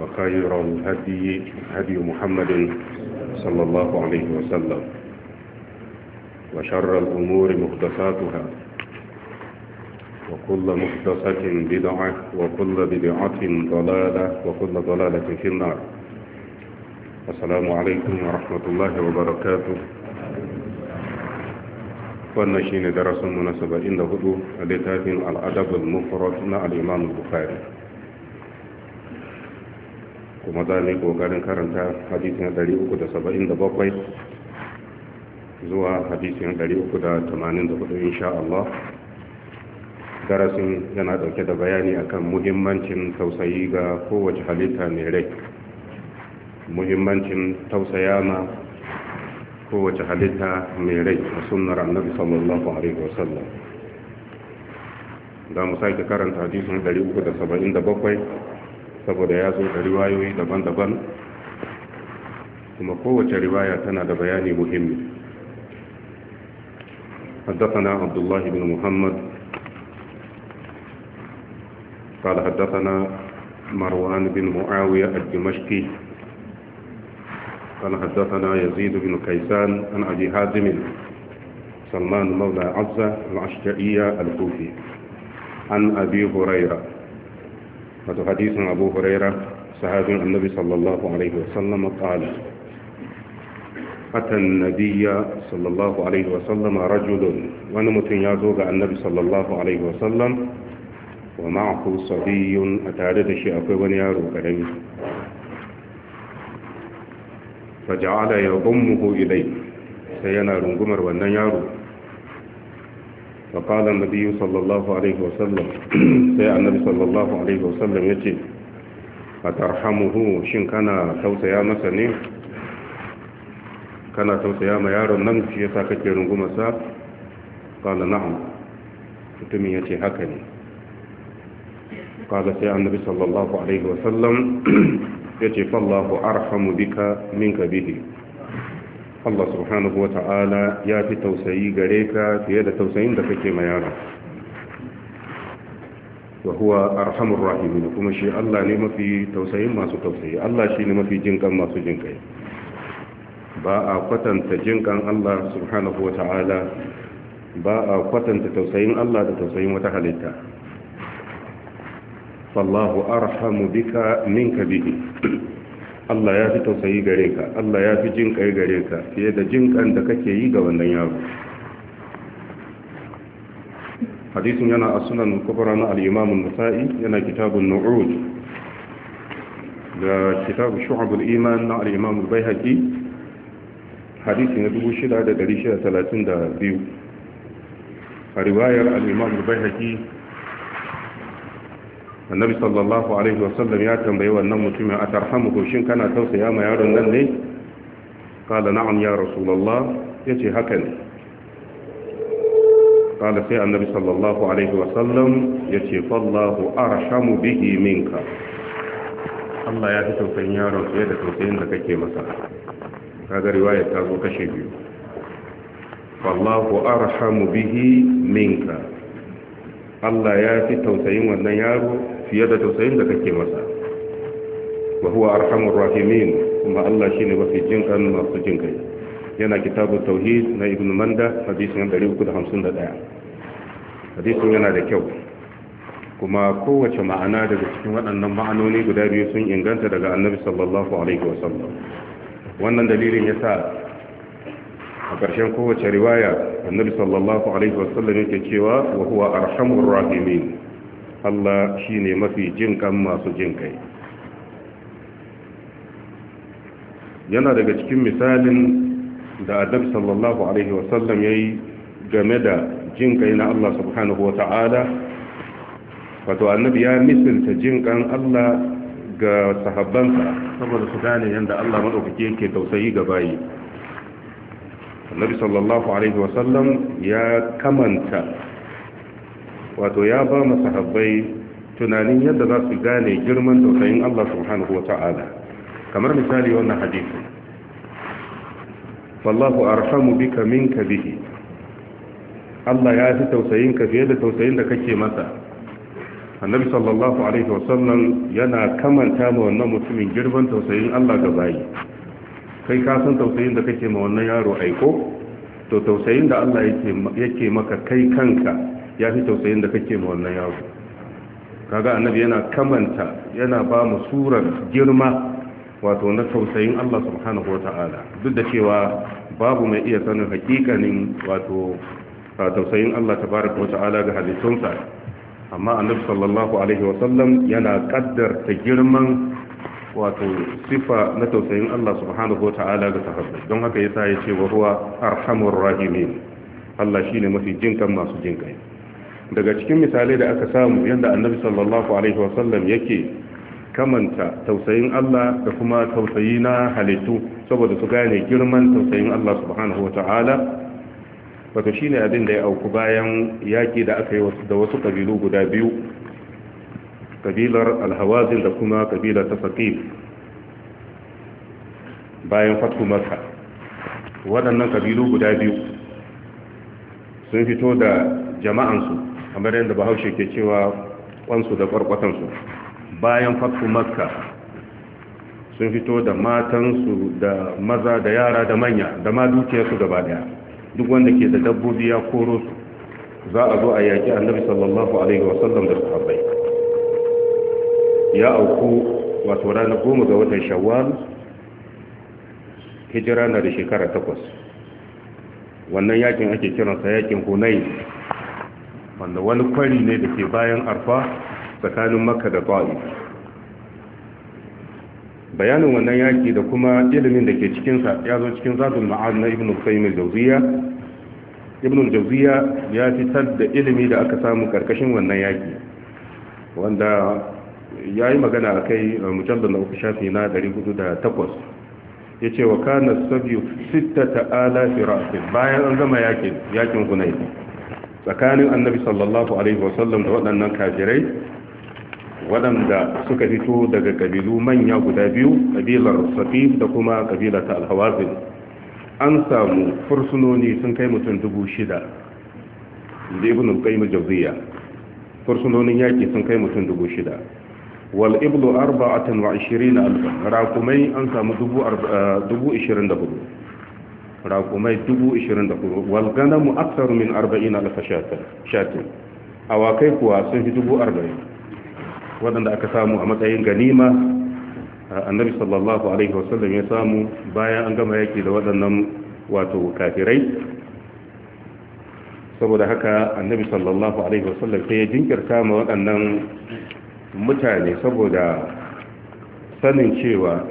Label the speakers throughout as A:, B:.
A: وخير الهدي هدي محمد صلى الله عليه وسلم وشر الأمور مختصاتها وكل مختصة بدعة وكل بدعة ضلالة وكل ضلالة في النار السلام عليكم ورحمة الله وبركاته wannan درس darasin mu na 74 الأدب المفرد al الإمام البخاري kuma za mu yi kokarin karanta hadisin 377 zuwa hadisin 384 insha Allah darasin yana dauke da bayani akan muhimmancin tausayi ga kowace halitta mai rai muhimmancin tausaya ma kowace halitta mai rai a sunnar annabi sallallahu alaihi wasallam Da mu sake karanta hadisin 377 saboda ya zo da riwayoyi daban-daban kuma kowace riwaya tana da bayani muhimmi حدثنا عبد الله بن محمد قال حدثنا مروان بن معاوية الدمشقي قال حدثنا يزيد بن كيسان عن أبي حازم سلمان مولى عزة العشجعية الكوفي عن أبي هريرة هذا حديث أبو هريرة صحابي النبي صلى الله عليه وسلم قال أتى النبي صلى الله عليه وسلم رجل ونمت يزوغ النبي صلى الله عليه وسلم ومعه صبي أتعدد شيئا ونيار وكريم فجعل يضمه إليه سينا رنقمر ونيارو فقال النبي صلى الله عليه وسلم سيء النبي صلى الله عليه وسلم يتي أترحمه شن كان توسيا مسني كان توسيا ما يارو نم في يساك كيرنغو مسا قال نعم فتمي يتي هكني قال سيء النبي صلى الله عليه وسلم يتي فالله أرحم بك منك به Allah subhanahu wa ta'ala ya fi tausayi gare ka fiye da tausayin da kake ma yaro wa huwa arhamur rahimin kuma shi Allah ne mafi tausayin masu tausayi Allah shi ne mafi jinkan masu jinkai ba a kwatanta jinkan Allah subhanahu wa ta'ala ba a kwatanta tausayin Allah da tausayin wata halitta fallahu arhamu bika minka bihi Allah ya fi tausayi gare ka Allah ya fi jin kai gare ka fiye da jin kan da kake yi ga wannan yaro hadisin yana a sunan kubra na al-imam an-nasa'i yana kitabun nu'ud da kitabu shu'abul iman na al-imam al-baihaqi hadisi na 6632 a riwayar al-imam al-baihaqi annabi sallallahu alaihi wasallam ya tambayi wannan mutumin a shin kana tausaya ma yaron nan ne kala na'am ya rasulullah yace haka ne kala sai annabi sallallahu alaihi wasallam fallahu arhamu bihi minka Allah ya fi tausayin yaron fiye da tausayin da kake masa kaga riwaya ta zo kashe biyu arhamu bihi minka Allah ya fi tausayin wannan yaro fiye da tausayin da kake masa wa huwa arhamur rahimin kuma Allah shine mafi jin kan masu jin kai yana kitabu tauhid na ibn manda hadisin 351 hadisin yana da kyau kuma kowace ma'ana daga cikin waɗannan ma'anoni guda biyu sun inganta daga annabi sallallahu alaihi wasallam wannan dalilin yasa a ƙarshen kowace riwaya annabi sallallahu alaihi wasallam yake cewa wa huwa arhamur rahimin Allah shi ne mafi jinkan masu jinkai yana daga cikin misalin da adab sallallahu alaihi wasallam ya yi game da jinkai na Allah subhanahu wa ta'ala wato annabi ya misilta jinkan Allah ga sahabbansa saboda su gane yadda Allah maɗaukake yake tausayi ga bayi annabi sallallahu alaihi wasallam ya kamanta wato ya ba mu sahabbai tunanin yadda za su gane girman tausayin Allah subhanahu wa wata'ala kamar misali wannan hadisi wallahu arhamu bika minka bihi Allah ya fi tausayin ka fiye da tausayin da kake masa annabi sallallahu alaihi wasallam yana kamanta ma wannan mutumin girman tausayin Allah ga bayi kai ka san tausayin da kake ma wannan yaro aiko to tausayin da Allah yake maka kai kanka ya fi tausayin da kake ma wannan yaro kaga annabi yana kamanta yana ba mu surar girma wato na tausayin Allah subhanahu wata'ala duk da cewa babu mai iya sanin hakikanin wato tausayin Allah tabaraka wata'ala ga halittunsa amma annabi sallallahu alaihi wasallam yana kaddarta girman wato sifa na tausayin Allah subhanahu wata'ala ga sahabbai don haka yasa ya ce wa huwa arhamur rahimin Allah shine mafi jinkan masu jinkai daga cikin misalai da aka samu yadda annabi sallallahu alaihi wasallam yake kamanta tausayin Allah da kuma tausayi na halittu saboda su gane girman tausayin Allah subhanahu ta'ala wato shine abin da ya auku bayan yaki da aka yi da wasu kabilu guda biyu ƙabilar alhawazin da kuma ta saki bayan fatu waɗannan kabilu guda biyu sun fito da jama'ansu kamar yadda bahaushe ke cewa wansu da kwarkwatansu bayan fatku makka sun fito da matansu da maza da yara da manya da ma dukiyarsu gaba daya duk wanda ke da dabbobi ya koro su za a zo a yaki annabi sallallahu alaihi wasallam da sahabbai ya auku wato ranar goma ga watan shawwal hijira na da shekara takwas wannan yakin ake kiransa yakin hunayi wanda wani kwari ne da ke bayan arfa tsakanin makka da ta'if bayanin wannan yaki da kuma ilimin da ke cikinsa ya zo cikin zadun ma'ad na ibn qayyim al-jawziya ibn al-jawziya ya fitar da ilimi da aka samu karkashin wannan yaki wanda ya yi magana a kai mujallar na uku shafi na 408 ya ce wa kanar sabi sita ta'ala firafin bayan an zama yakin yakin hunayi tsakanin annabi sallallahu alaihi wasallam da waɗannan kafirai waɗanda suka fito daga ƙabilu manya guda biyu ƙabilar safif da kuma ƙabilar ta alhawazin an samu fursunoni sun kai mutum dubu shida da ibn qayyim jawziya fursunonin yaƙi sun kai mutum dubu shida wal iblu arba'atan wa ishirina alfan rakumai an samu dubu ishirin da hudu raƙumai 24,000 walganamu aksar min 40 alfa shatin awakai kuwa sun fi 40,000 waɗanda aka samu a matsayin ganima annabi sallallahu alaihi wasallam ya samu bayan an gama yaki da waɗannan wato kafirai saboda haka annabi sallallahu alaihi wasallam sai ya jinkirta ma waɗannan mutane saboda sanin cewa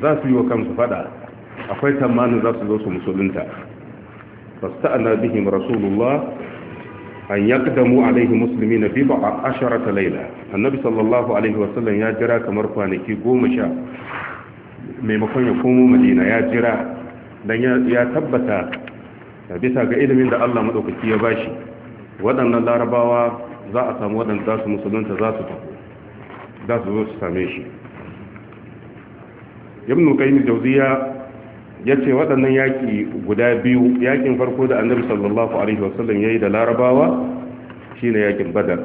A: za su yi wa kansu fada akwai tamanin za su zo su musulunta fasta'ana bihim rasulullah an yaqdamu alaihi muslimin bi ba'a asharata layla annabi sallallahu alaihi wasallam ya jira kamar kwanaki goma sha maimakon ya komo madina ya jira dan ya tabbata bisa ga ilimin da Allah madaukaki ya bashi waɗannan larabawa za a samu waɗanda za su musulunta za su za su zo su same shi ibn qayyim jawziya ya ce waɗannan yaƙi guda biyu yaƙin farko da annabi sallallahu alaihi wasallam ya yi da larabawa shine yaƙin badar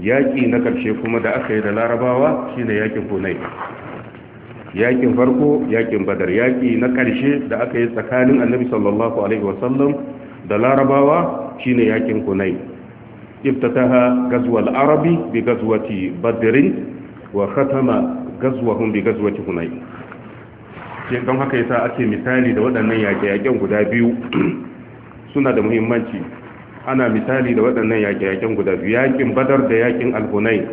A: yaƙi na ƙarshe kuma da aka yi da larabawa shine yaƙin hunai yaƙin farko yaƙin badar yaƙi na ƙarshe da aka yi tsakanin annabi sallallahu alaihi wasallam da larabawa shine yaƙin hunai ibtataha gazwal arabi bi gazwati badrin wa khatama gazwahum bi gazwati hunai don haka yasa ake misali da waɗannan yaƙe-yaƙen guda biyu suna da muhimmanci ana misali da waɗannan yaƙe-yaƙen guda biyu yaƙin badar da yaƙin alhunai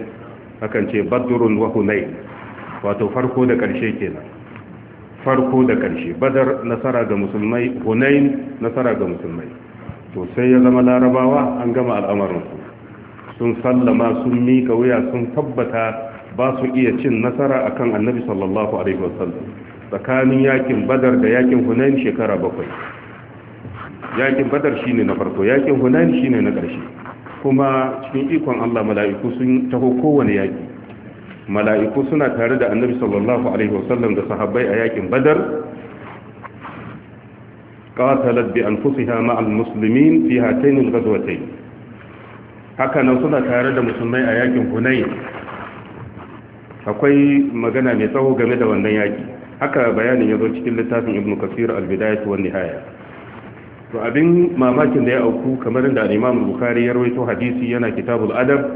A: akan ce badurun wa hunai wato farko da ƙarshe kenan farko da ƙarshe badar nasara ga musulmai hunai nasara ga musulmai to sai ya zama larabawa an gama su sun sallama sun mika wuya sun tabbata ba su iya cin nasara akan annabi sallallahu alaihi wasallam tsakanin yakin badar da yakin hunain shekara bakwai yakin badar shine na farko yakin hunain shine na ƙarshe kuma cikin ikon Allah mala'iku sun taho kowane yaki mala'iku suna tare da annabi sallallahu alaihi wasallam da sahabbai a yakin badar qatalat bi anfusiha ma almuslimin fi hatayn alghazwatayn haka nan suna tare da musulmai a yakin hunain akwai magana mai tsawo game da wannan yaki haka bayanin ya zo cikin littafin ibn kasir al-bidayat wa nihaya to abin mamakin da ya auku kamar da imam bukhari ya rawaito hadisi yana kitabul adab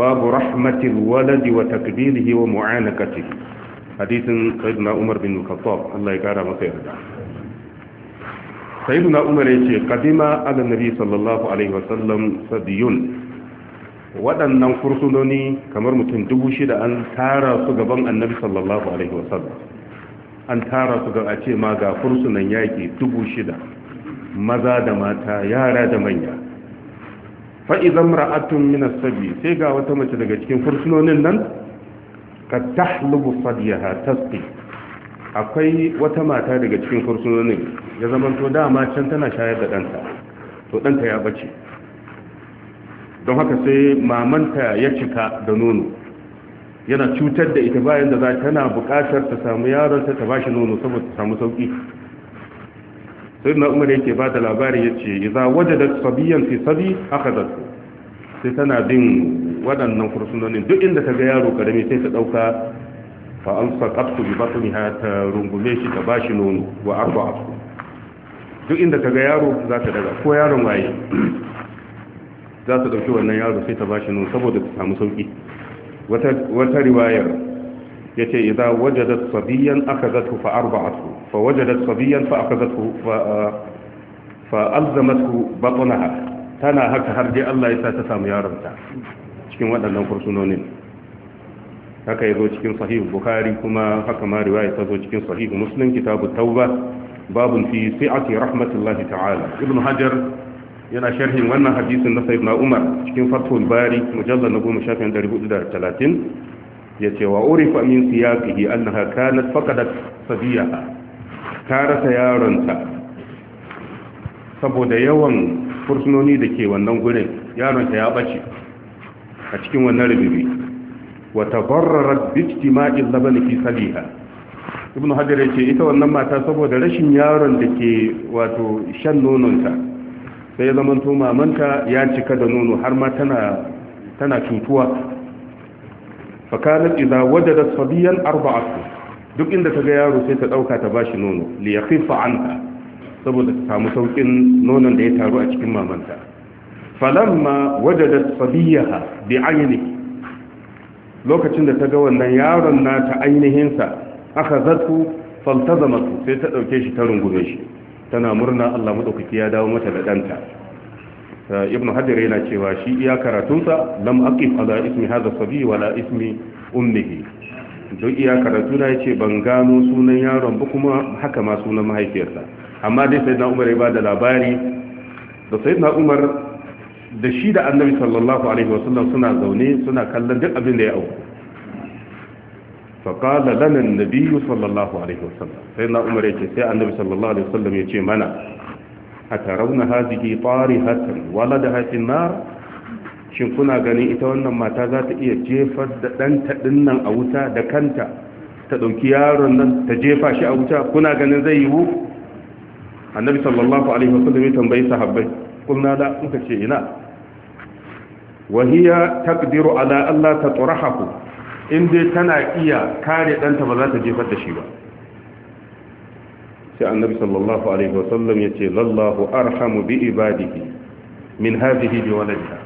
A: babu rahmatil waladi wa takdirihi wa mu'anakati hadisin sayyidina umar bin khattab Allah ya kara masa yarda sayyidina umar ya ce qadima ala nabi sallallahu alaihi wa wasallam sadiyun waɗannan fursunoni kamar mutum dubu shida an tara su gaban annabi sallallahu alaihi wasallam an tara su ga a ce ma ga fursunan yaƙi dubu shida maza da mata yara da manya fa'izan ra'atun minas sabi sai ga wata mace daga cikin fursunonin nan ka tahlubu fadiyaha akwai wata mata daga cikin fursunonin ya zamanto dama can tana shayar da ɗanta to ɗanta ya bace don haka sai mamanta ya cika da nono yana cutar da ita bayan da za tana buƙatar ta samu yaron ta ba shi nono saboda ta samu sauki sai na umar yake ba da labari ya ce iza wadda da sabiyan fi sabi aka zarto sai tana bin waɗannan kursunonin duk inda ta ga yaro ƙarami sai ta ɗauka fa'amsa ƙafsu bi basu ha ta rungume shi ta ba shi nono wa arba afsu duk inda ta ga yaro za ta daga ko yaron waye za ta ɗauki wannan yaro sai ta ba shi nono saboda ta samu sauƙi wata riwayar ya ce idan wajadat sabiyan aka zatu fa arba'atu fa wajadat sabiyan fa aka zatu fa alzamatu batnaha tana haka har dai Allah ya sa ta samu yaronta cikin waɗannan kursunonin haka ya zo cikin sahih bukhari kuma haka ma riwaya ta zo cikin sahih muslim kitabu tauba babun fi ake rahmatullahi ta'ala ibn hajar yana sharhin wannan hadisin na sayyidina Umar cikin Fathul Bari mujalla na ya ce wa urifa min siyaqihi annaha kanat faqadat sabiyaha ta rasa yaronta saboda yawan fursunoni da ke wannan gurin yaronta ya bace a cikin wannan rububi wa tabarrarat bi ijtima'il laban fi sabiha ibnu hajar yace ita wannan mata saboda rashin yaron da ke wato shan nononta sai ya zama to mamanta ya cika da nono har ma tana tana cutuwa fakanat idza wajadat sabiyan arba'atu duk inda ta ga yaro sai ta dauka ta shi nono li yakhifa anha saboda ta samu saukin nonon da ya taru a cikin mamanta falamma wajadat sabiyaha bi ayni lokacin da ta ga wannan yaron nata ainihin sa aka zatu faltazamatu sai ta dauke shi ta rungume shi tana murna Allah madaukaki ya dawo mata da ɗanta eh, ibn hajar yana cewa shi iya karatunsa lam aqif ala ismi hadha sabi wala ismi ummihi duk iya karatu na yace ban gano sunan yaron ba kuma haka ma sunan mahaifiyarsa amma dai na umar ya bada labari da na umar da shi da annabi sallallahu alaihi wasallam suna zaune suna kallon duk abin da ya auku faƙala lanan nabiyu sallallahu alaihi wasallam sai na umar ya ce sai annabi sallallahu alaihi wasallam ya ce mana a tarauna haziki tsari hatan wala da hatin shin kuna gani ita wannan mata za ta iya jefar da ɗanta ɗinnan a wuta da kanta ta ɗauki yaron nan ta jefa shi a wuta kuna ganin zai yiwu annabi sallallahu alaihi wasallam ya tambayi sahabbai kulna da muka ce ina wahiya taqdiru ala Allah ta turahahu in dai tana iya kare ɗanta ba za ta jefar da shi ba sai annabi sallallahu alaihi wasallam ya ce lallahu arhamu bi ibadihi min hazihi bi waladiha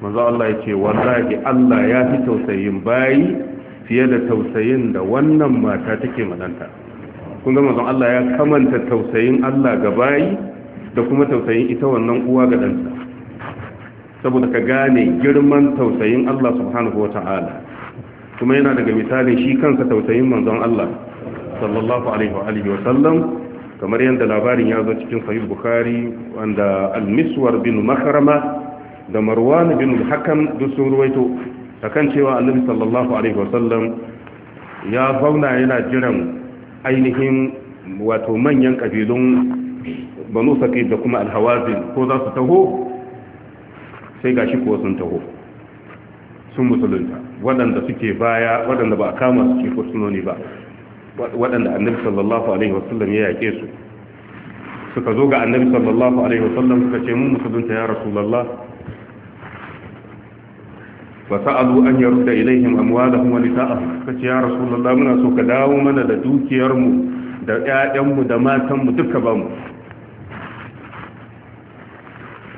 A: manzo Allah ya ce wallahi Allah ya fi tausayin bayi fiye da tausayin da wannan mata take madanta kun ga manzo Allah ya kamanta tausayin Allah ga bayi da kuma tausayin ita wannan uwa ga ɗanta saboda ka gane girman tausayin Allah subhanahu wa ta'ala kuma yana daga misali shi kansa tausayin manzon Allah sallallahu alaihi wa alihi wa sallam kamar yadda labarin ya zo cikin sahih bukhari wanda al-miswar bin makrama da marwan bin hakam duk sun ruwaito akan cewa annabi sallallahu alaihi wa sallam ya fauna yana jiran ainihin wato manyan kabilun banu saqib da kuma al-hawazin ko za su taho sai gashi ko sun taho sun musulunta waɗanda suke baya waɗanda ba a kama su ke fursunoni ba waɗanda annabi sallallahu alaihi wasallam ya yaƙe su suka zo ga annabi sallallahu alaihi wasallam suka ce mun musulunta ya rasulullah fa sa'alu an yarda ilaihim amwalahum wa nisa'ahum suka ce ya rasulullah muna so ka dawo mana da dukiyar mu da ƴaƴan mu da matan mu duka ba mu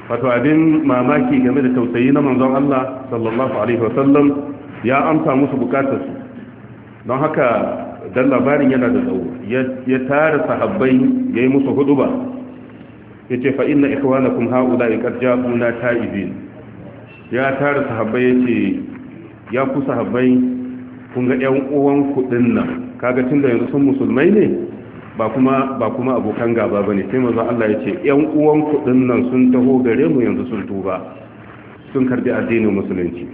A: wato abin mamaki game da tausayi na manzon Allah sallallahu alaihi wasallam ya amsa musu su. don haka dan labarin yana da tsawo ya tara sahabbai ya yi musu huduba ya ce inna na ikwanakum ha'ula in ja'u la ta'ibin ya tara sahabbai ya ya ku sahabbai kun ga ‘yan uwan kuɗin nan kaga tun da yanzu sun musulmai ne ba kuma ba kuma abokan gaba bane sai manzo Allah ya ce 'yan uwan kudin nan sun taho gare mu yanzu sun tuba sun karbi addinin musulunci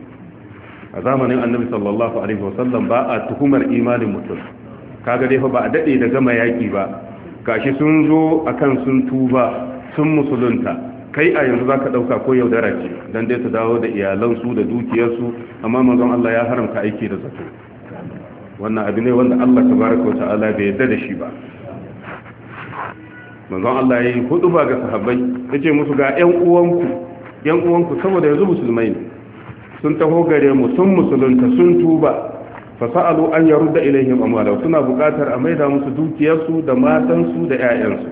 A: a zamanin annabi sallallahu alaihi wasallam ba a tuhumar imanin mutum kaga dai fa ba a dade da gama yaki ba gashi sun zo akan sun tuba sun musulunta kai a yanzu zaka dauka ko yaudara ce dan dai ta dawo da iyalansu da dukiyarsu amma manzon Allah ya haramta aiki da zato wannan abu ne wanda Allah tabaraka wa ta'ala bai yarda da shi ba manzon Allah ya yi hudu ba ga sahabbai ya ce musu ga 'yan uwanku ‘yan uwanku saboda yanzu musulmai ne sun taho gare mu sun musulunta sun tuba sa’alu an ya rudda ilaihim amwalau suna buƙatar a maida musu dukiyarsu da matansu da ‘ya'yansu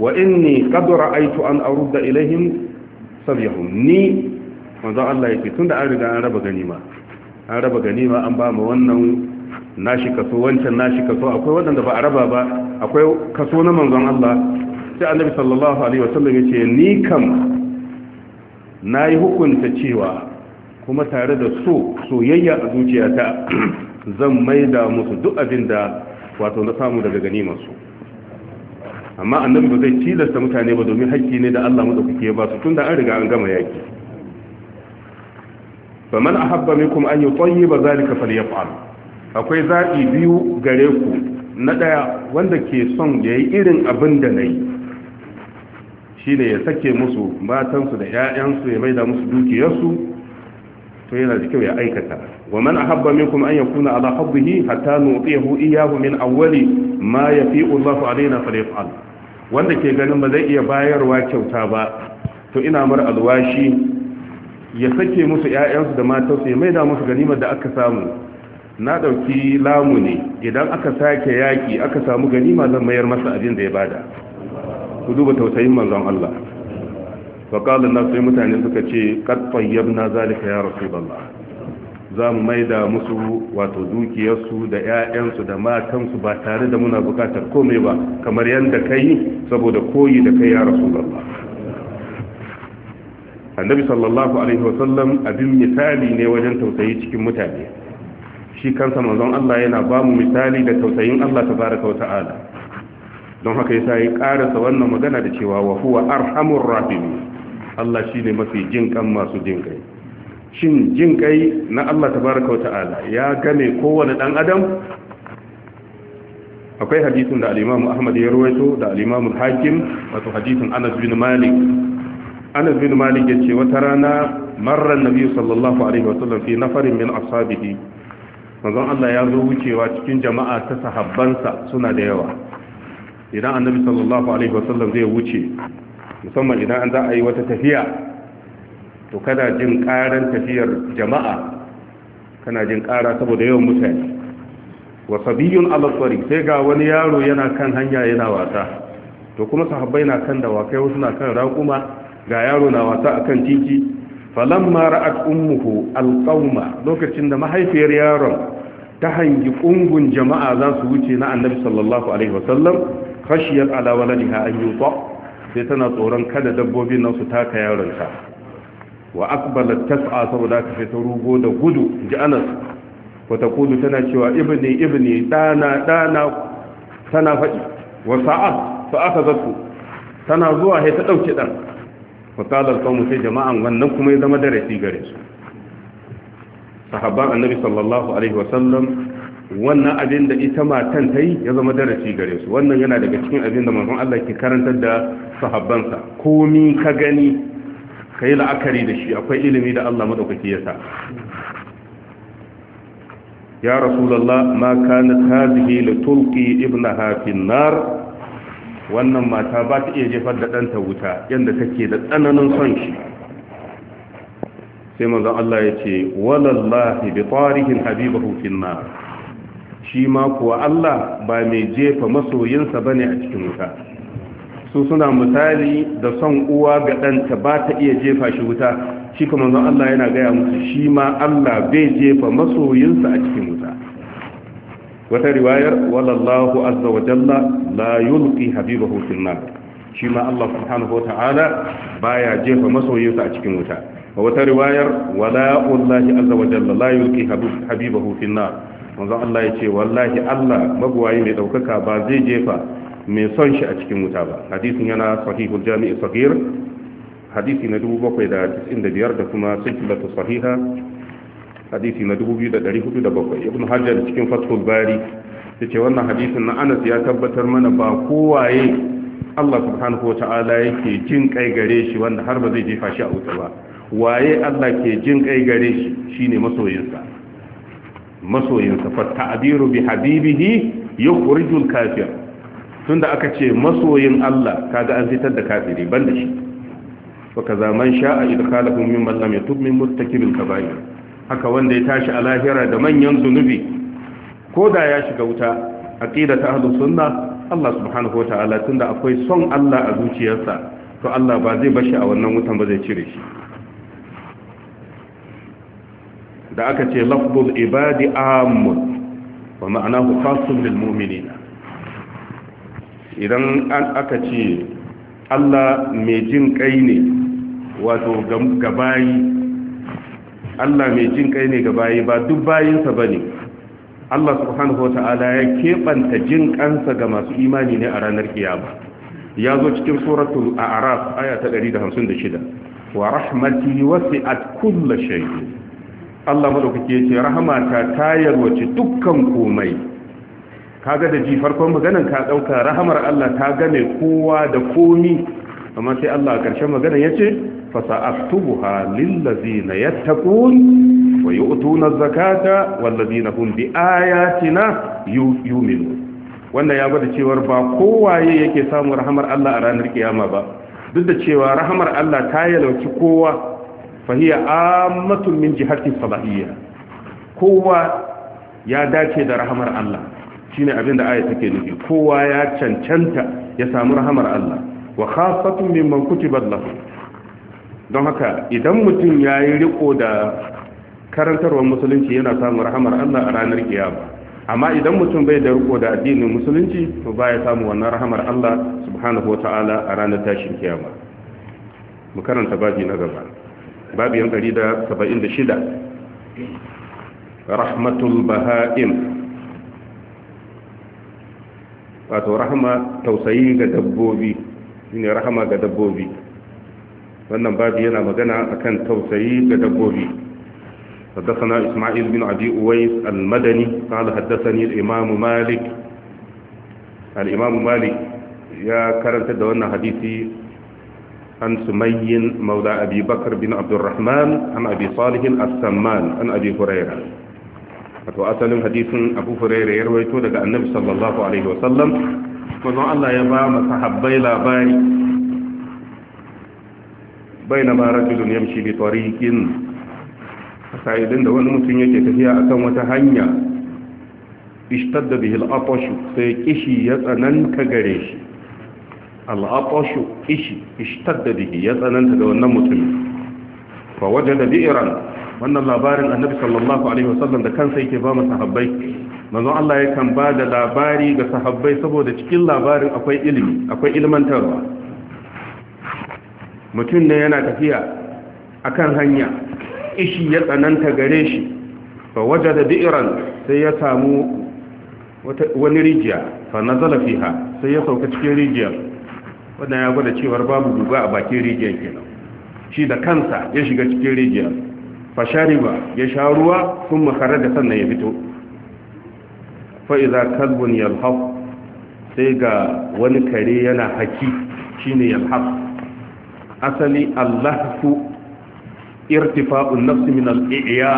A: wa inni qad ra'aytu an arudda ilaihim sabiyahum ni manzon Allah tun da an riga an raba ganima an raba ganima an ba mu wannan nashi kaso wancan nashi kaso akwai waɗanda ba a raba ba akwai kaso na manzon Allah sai annabi sallallahu alaihi wasallam yace ni kam nayi hukunta cewa kuma tare da so soyayya a zuciyata zan maida musu duk abin da wato na samu daga ganimar masu. amma annabi ba zai tilasta mutane ba domin hakki ne da Allah madaukake ya ba su tunda an riga an gama yaki faman ahabba minkum an yutayyiba zalika falyaf'al akwai zaɓi biyu gare ku na ɗaya wanda ke son ya yi irin abin da na yi shi ne ya sake musu matansu da 'ya'yansu ya maida musu dukiyarsu to yana da kyau ya aikata wa man ahabba minkum an yakuna ala hubbihi hatta nutihu iyyahu min awwali ma yafi'u Allah alaina falyaf'al wanda ke ganin ba zai iya bayarwa kyauta ba to ina mar alwashi ya sake musu 'ya'yansu da matansu ya maida musu ganimar da aka samu na ɗauki lamu ne idan aka sake yaƙi aka samu ganima zan mayar masa abin da ya bada ku duba tausayin manzon Allah faƙalin na sai mutane suka ce ƙarfan yabna zalika ya rasu Allah za mu maida musu wato dukiyarsu da 'ya'yansu da matansu ba tare da muna bukatar komai ba kamar yadda ka saboda koyi da kai ya rasu Allah annabi sallallahu alaihi wasallam abin misali ne wajen tausayi cikin mutane shi kansa manzon Allah yana ba mu misali da tausayin Allah tabaraka wa ta'ala don haka yasa ya karasa wannan magana da cewa wa huwa arhamur rahim Allah ne mafi jin kan masu jin kai shin jin kai na Allah tabaraka wa ta'ala ya game kowane dan adam akwai hadisin da al-Imam Ahmad ya rawaito da al-Imam al-Hakim wato hadisin Anas bin Malik Anas bin Malik yace wata rana marra an-nabi sallallahu alaihi wa sallam fi nafarin min ashabihi manzon Allah ya zo wucewa cikin jama'a ta sahabbansa suna da yawa idan annabi sallallahu alaihi wasallam zai wuce musamman idan an za a yi wata tafiya to kana jin karan tafiyar jama'a kana jin kara saboda yawan mutane wa sabiyun ala sai ga wani yaro yana kan hanya yana wasa to kuma sahabbai na kan kai wasu na kan raƙuma ga yaro na wasa a kan titi falamma ra'at ummuhu alqauma lokacin da mahaifiyar yaron ta hangi kungun jama'a za su wuce na annabi sallallahu alaihi wasallam khashiyat ala waladiha an yuta sai tana tsoron kada dabbobin nan su taka yaron ta wa aqbalat tas'a saboda ka sai ta rugo da gudu ji Anas wa taqulu tana cewa ibni ibni dana dana tana faɗi wa sa'at fa akhadhatu tana zuwa sai ta dauke dan fasalar kawo sai jama'an wannan kuma ya zama darasi gare su sahabban annabi sallallahu alaihi wasallam wannan abin da ita matan ta yi ya zama darasi gare su wannan yana daga cikin abin da manzon Allah ke karantar da sahabbansa komi ka gani ka yi la'akari da shi akwai ilimi da Allah madaukaki ya sa ya rasulullah ma kanat hadhihi li tulqi ibnaha fi nar wannan mata ba ta iya jefar da ɗanta wuta yadda take da tsananin son shi sai maza Allah ya ce walallahi bi tarihin habibahu fin nar shi ma kuwa Allah ba mai jefa masoyinsa bane a cikin wuta su suna misali da son uwa ga ɗanta ba ta iya jefa shi wuta shi kuma manzon Allah yana gaya musu shi ma Allah bai jefa masoyinsa a cikin wata riwayar wallahu azza wa jalla la yulqi habibahu fil nar shi ma Allah subhanahu wataala baya jefa masoyinsa a cikin wuta wata riwayar wala wallahi azza wa jalla la yulqi habibahu fil nar manzo Allah yace wallahi Allah magwayi mai daukaka ba zai jefa mai son shi a cikin wuta ba hadisin yana sahihul jami'i saghir hadisi na 7795 da kuma sahihatu sahiha hadisi na 2407 ibn hajjar cikin fathul bari ya ce wannan hadisin na anas ya tabbatar mana ba kowaye allah subhanahu wa ta'ala yake jin kai gare shi wanda har ba zai jefa shi a wuta ba waye allah ke jin kai gare shi shine masoyinsa masoyinsa fa ta'biru bi habibihi yukhrijul kafir tunda aka ce masoyin allah kaga an fitar da kafiri banda shi وكذا من شاء إدخالهم ممن لم يتب من مرتكب الكبائر haka wanda ya tashi a lahira da manyan zunubi ko da ya shiga wuta aqida ta ahlus sunna Allah subhanahu wataala tunda akwai son Allah a zuciyarsa to Allah ba zai bar shi a wannan wutan ba zai cire shi da aka ce lafdul ibadi Amun, wa ma'anahu khasun lil mu'minina idan aka ce Allah mai jin kai ne wato gabayi Allah mai jin kai ne ga bayi ba duk bayinsa ba ne Allah subhanahu wata'ala ya keɓanta jin ƙansa ga masu imani ne a ranar kiyama ya zo cikin suratul a'raf aya ta 156 wa rahmati a kulla shay Allah madaukake yace rahmata ta yarwace dukkan komai kaga da ji farkon maganar ka dauka rahamar Allah ta game kowa da komi amma sai Allah a ƙarshen maganar ce. فسأكتبها للذين يتقون ويؤتون الزكاة والذين هم بآياتنا يؤمنون wannan ya bada cewar ba kowaye yake samun rahamar Allah a ranar kiyama ba duk da cewa rahamar Allah ta yalauci kowa fahiya ammatun min jihati salahiyya kowa ya dace da rahamar Allah shine abin da aya take nufi kowa ya cancanta ya samu rahamar Allah wa khassatun mimman kutibat lahu don haka idan mutum ya yi riko da karantarwar musulunci yana samun rahamar Allah a ranar kiyama amma idan mutum bai da riko da addinin musulunci to ba ya samu wannan rahamar Allah subhanahu ta'ala a ranar tashin kiyama mu karanta babi na gaba babi 176 rahmatul baha'im wato rahama tausayi ga dabbobi shine rahama ga dabbobi wannan babu yana magana akan tausayi ga dabbobi حدثنا إسماعيل بن عدي أويس المدني قال حدثني الإمام مالك الإمام مالك يا كرنت دوانا حديثي عن سمي مولى أبي بكر بن عبد الرحمن عن أبي صالح السمان عن أبي هريرة وأصل حديث أبو هريرة يروي تودك النبي صلى الله عليه وسلم وأن الله يبا مصحبي لا باري Bai na bainama rajulun yamshi bi tariqin sa'idin da wani mutum yake tafiya akan wata hanya ishtadda bihi al-atashu sai kishi ya tsananta gare shi al-atashu kishi ishtadda bihi ya tsananta ga wannan mutum fa wajada bi'ran wannan labarin annabi sallallahu alaihi wasallam da kansa yake ba mu sahabbai manzo Allah ya kan ba da labari ga sahabbai saboda cikin labarin akwai ilimi akwai ilmantarwa mutum ne yana tafiya a kan hanya ishi ya tsananta gare shi ba waje da bi'iran sai ya samu wani rijiya fa nazala ha sai ya sauka cikin rijiyar wadda ya gwada cewar babu duba a bakin rijiyar ke shi da kansa ya shiga cikin rijiyar fa ba ya sha ruwa sun makarar da sannan ya fito fa idza kalbun yalhaf sai ga wani kare yana haki ne yalhaf asali allahfu irtifa'un nafsi min al-i'ya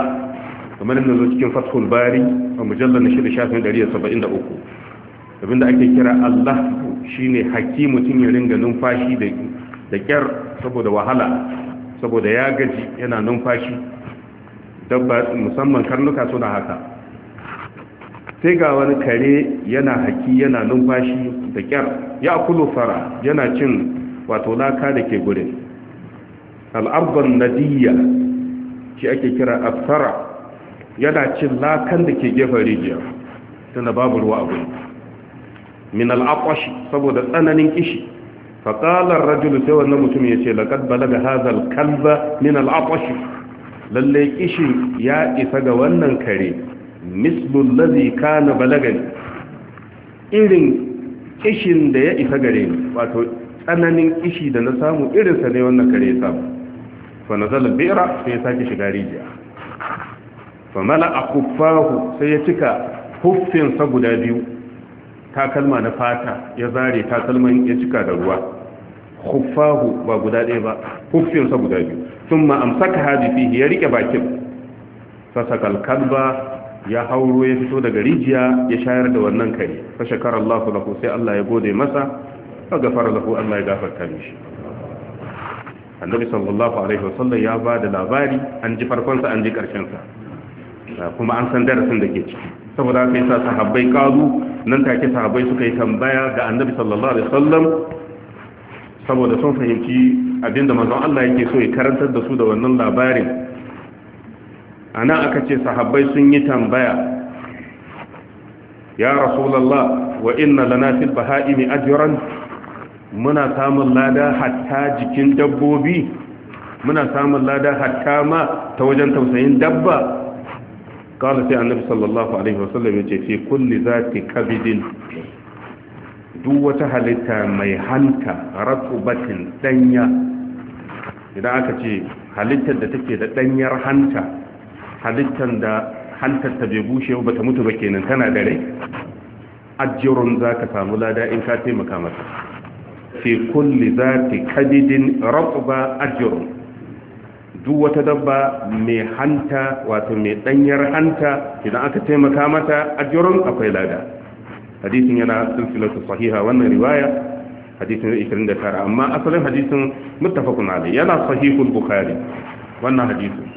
A: kamar yadda zuwa cikin fathul bari a mujallar na shida shafin da da saba'in abin abinda ake kira allah shi ne haki mutum ya ringa numfashi da da kyar saboda wahala saboda ya gaji yana numfashi dabba musamman karnuka suna haka sai ga wani kare yana haki yana numfashi da kyar ya kulu fara yana cin wato laka da ke gurin al'abban nadiya shi ake kira asara yana cin lakan da ke gefen rijiya tana babu ruwa a gurin min al'akwashi saboda tsananin kishi fakalar rajulu sai wannan mutum ya ce laƙad balaga hazal kalba min al'akwashi lalle kishi ya isa ga wannan kare mislul lazi kana balagani irin kishin da ya isa gare ni wato tsananin kishi da na samu irinsa ne wannan kare ya samu fa nazala sai ya sake shiga rijiya fa a kuffahu sai ya cika huffin guda biyu takalma na fata ya zare takalman ya cika da ruwa Huffahu ba guda ɗaya ba huffin sa guda biyu thumma amsaka hadi fihi ya rike bakin fasakal kalba ya hauro ya fito daga rijiya ya shayar da wannan kare fa shakara Allahu lahu sai Allah ya gode masa a gafara lahu Allah ya gafarta mishi annabi sallallahu alaihi wasallam ya ba da labari an ji farkonsa an ji sa. kuma an san darasin da ke ciki saboda haka yasa sahabbai kazu nan take sahabbai suka yi tambaya ga annabi sallallahu alaihi wasallam saboda sun fahimci abinda manzon Allah yake so ya karantar da su da wannan labarin ana aka ce sahabbai sun yi tambaya ya rasulullah wa inna lana fil bahaimi ajran muna samun lada hatta jikin dabbobi muna samun lada hatta ma ta wajen tausayin dabba kala sai annabi sallallahu alaihi wasallam ya ce fi kulli zati kabidin duk wata halitta mai hanta ratubatin danya idan aka ce halittar da take da danyar hanta halittar da hantar ta bai bushe ba ta mutu ba kenan tana da rai za zaka samu lada in ka taimaka mata fi kulli zati kadidin ratba ajrun duk wata dabba mai hanta wato mai danyar hanta idan aka taimaka mata ajrun akwai lada hadisin yana silsilatu sahiha wannan riwaya hadisin 29 amma asalin hadisin muttafaqun alayhi yana sahihul bukhari wannan hadisin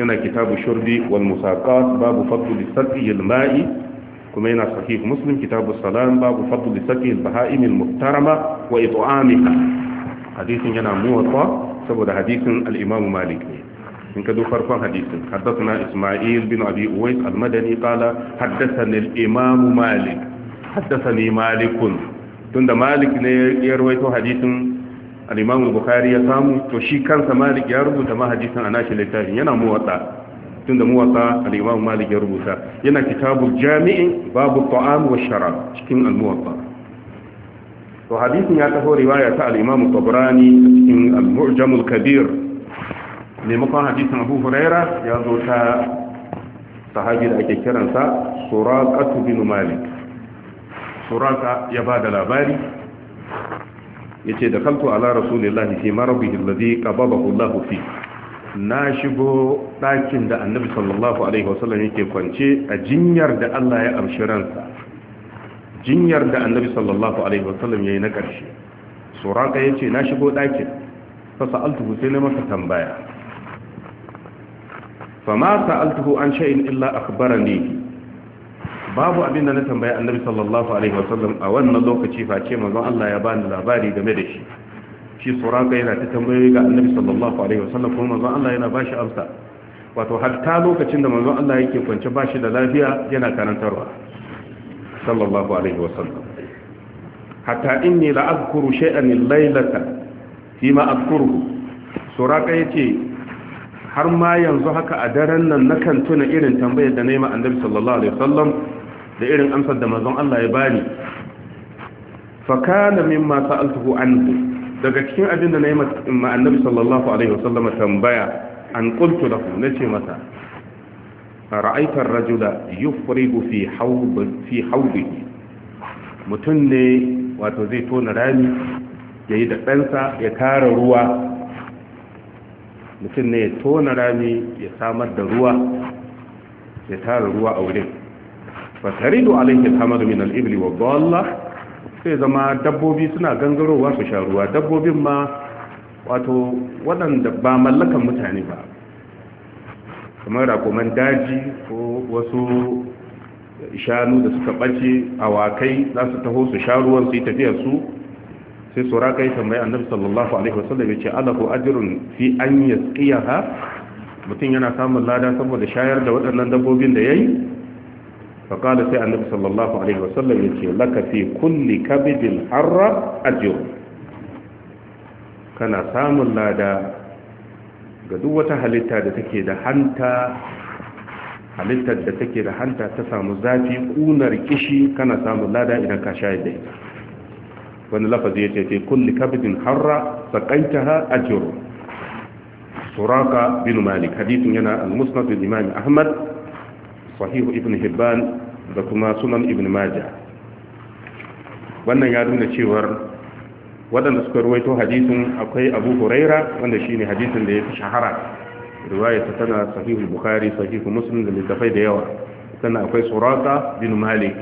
A: yana kitabu shurbi wal musaqat babu fadl saqi al ma'i kuma yana sahih muslim kitabu salam babu fadl saki al-baha'im al-muhtarama wa it'amiha hadisin yana muwatta saboda من كدو فرقان حديث حدثنا إسماعيل بن أبي أويس المدني قال حدثني الإمام مالك حدثني مالك تند مالك يروي حديث الإمام البخاري يسامو تشي كان مالك يربو تما حديث أناش لتاهي ينا موطأ tunda muwatta al-imam malik ya rubuta yana kitabul jami' babu ta'am wa sharab cikin al-muwatta to hadisin ya taho riwaya ta al-imam tabrani cikin al-mu'jam al-kabir ne maimakon hadisin abu huraira ya zo ta sahabi da ake kiransa suraqatu bin malik suraka ya bada labari yace ce da kalto ala rasulillahi fi marbihi alladhi qababahu Allah fi na shigo ɗakin da annabi sallallahu alaihi wasallam yake kwance a jinyar da Allah ya amshi ransa jinyar da annabi sallallahu alaihi wasallam yayi na ƙarshe suraka yace na shigo ɗakin fa sa'altuhu sai na masa tambaya fa ma sa'altuhu an shay'in illa akhbarani babu abin da na tambaya annabi sallallahu alaihi wasallam a wannan lokaci face manzon Allah ya bani labari game da shi shi suraka yana ta tambayoyi ga annabi sallallahu alaihi wasallam kuma manzon Allah yana bashi amsa wato hatta lokacin da manzon Allah yake kwance bashi da lafiya yana karantarwa sallallahu alaihi wasallam hatta inni la azkuru shay'an laylata fima azkuruhu suraka yace har ma yanzu haka a daren nan nakan tuna irin tambayar da nayi ma annabi sallallahu alaihi wasallam da irin amsar da manzon Allah ya bani fa kana mimma sa'altuhu anhu daga cikin abin da na yi ma annabi sallallahu alaihi wasallama tambaya an qultu lahu ce masa ra'aita ar-rajula yufrigu fi hawb fi hawbihi mutun ne wato zai tona rami ya yi da ɗansa ya tara ruwa mutum ne ya tona rami ya samar da ruwa ya tara ruwa a wurin fataridu alaihi alhamdu min al-ibli wa dhalla sai zama dabbobi suna gangarowa su sha ruwa dabbobin ma wato waɗanda ba mallakan mutane ba kamar rakuman daji ko wasu shanu da suka ɓace awakai za su taho su sha ruwan su yi tafiya su sai su raka yi tambayi annabi sallallahu alaihi wasallam ya ce alahu ajrun fi an yasqiyaha mutum yana samun lada saboda shayar da waɗannan dabbobin da ya yi. faƙada sai annabi sallallahu alaihi wasallam ya ce laka fi kulli kabidin harra ajiyar kana samun lada ga duk wata halitta da take da hanta halittar da take da hanta ta samu zafi kunar kishi kana samun lada idan ka shayar da ita wani lafazi ya ce ce kulli kabidin harra saƙaitaha ajiyar suraka bin malik hadisin yana al-musnad imam ahmad sahihu ibn hibban da kuma sunan ibn maja wannan ya nuna cewar waɗanda suka ruwaito hadisin akwai abu huraira wanda shine hadisin da ya fi shahara riwaya tana sahihu bukhari sahihu muslim da littafai da yawa sannan akwai surata bin malik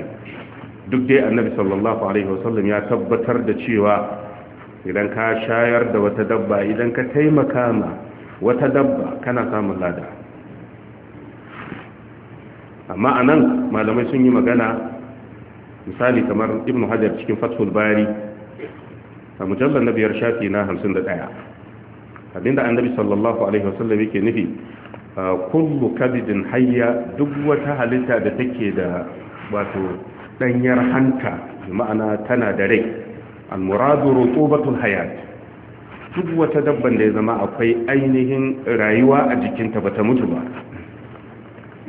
A: duk dai annabi sallallahu alaihi wasallam ya tabbatar da cewa idan ka shayar da wata dabba idan ka taimaka ma wata dabba kana samun lada amma a nan malamai sun yi magana misali kamar ibn hajar cikin fathul bari a mujallar na biyar shafi na hamsin da ɗaya abinda annabi sallallahu alaihi wasallam yake nufi kullu kabidin hayya duk wata halitta da take da wato ɗanyar hanta ma'ana tana da rai almuradu rutubatul hayat duk wata dabban da ya zama akwai ainihin rayuwa a jikinta bata mutu ba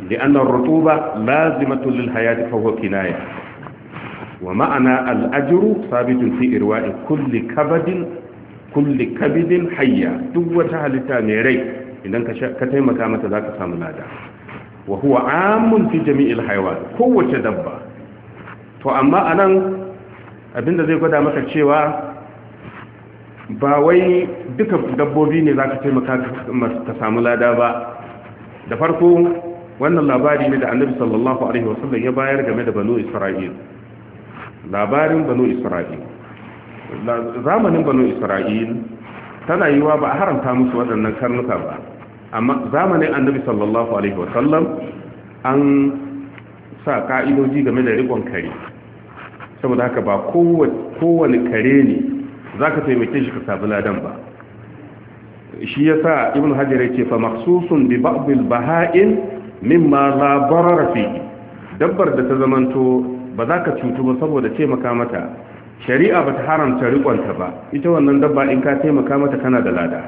A: لأن الرطوبة لازمة للحياة فهو كناية ومعنى الأجر ثابت في إرواء كل كبد كل كبد حية دوة هلتا ميري إذن كتيمة كامة ذاك سامنادا وهو عام في جميع الحيوان قوة دبا فأما أنا abinda zai gwada maka cewa ba wai duka dabbobi ne za ka taimaka ka samu lada ba da farko wannan labari ne da annabi sallallahu alaihi wasallam ya bayar game da banu isra'il labarin banu isra'il zamanin banu isra'il tana yiwa ba a haramta musu waɗannan karnuka ba amma zamanin annabi sallallahu alaihi wasallam an sa ka'idoji game da rikon kare saboda haka ba kowane kare ne za ka taimake shi ka sabu ladan ba shi ya sa ibn hajjar ya ce fa maksusun bi ba'bil baha'in mimma za barara fi dabbar da ta zamanto ba za ka cutu ba saboda taimaka mata shari'a ba ta haramta rikonta ba ita wannan dabba in ka taimaka mata kana da lada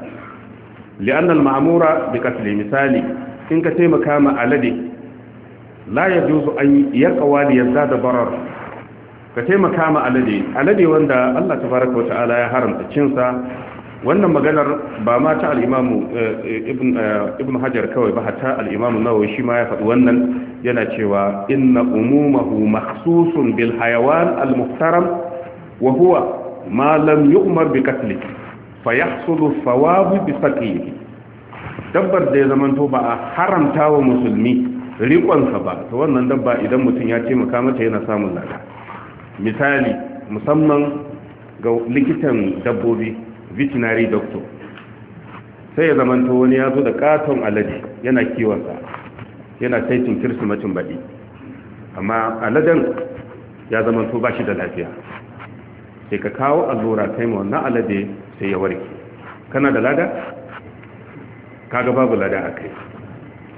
A: li'anna ma'amura mamura bi qatli misali in ka taimaka ma alade la yajuzu an yaqwa li yazada barar ka taimaka ma alade alade wanda Allah tabaaraka wa ta'ala ya haramta cinsa wannan maganar ba ma ta al'imamu eh, eh, ibn hajar kawai ba ta al'imamu nawa shi ma ya faɗi wannan yana cewa inna umumahu maksusun bil hayawan al-muhtaram wa huwa ma lam yu'mar bi katli fa yahsulu thawabu bi saqihi dabbar da ya zamanto ba a haramta wa musulmi riƙonsa ba to wannan dabba idan mutum ya taimaka mata yana samun lada misali musamman ga likitan dabbobi veterinary doctor sai ya zamanto wani ya zo da katon alade yana kiwonsa yana sai taitin kirsimacin baɗi amma aladen ya zamanta ba shi da lafiya sai ka kawo allura kai ma wannan alade sai ya warke kana da lada kaga babu lada a kai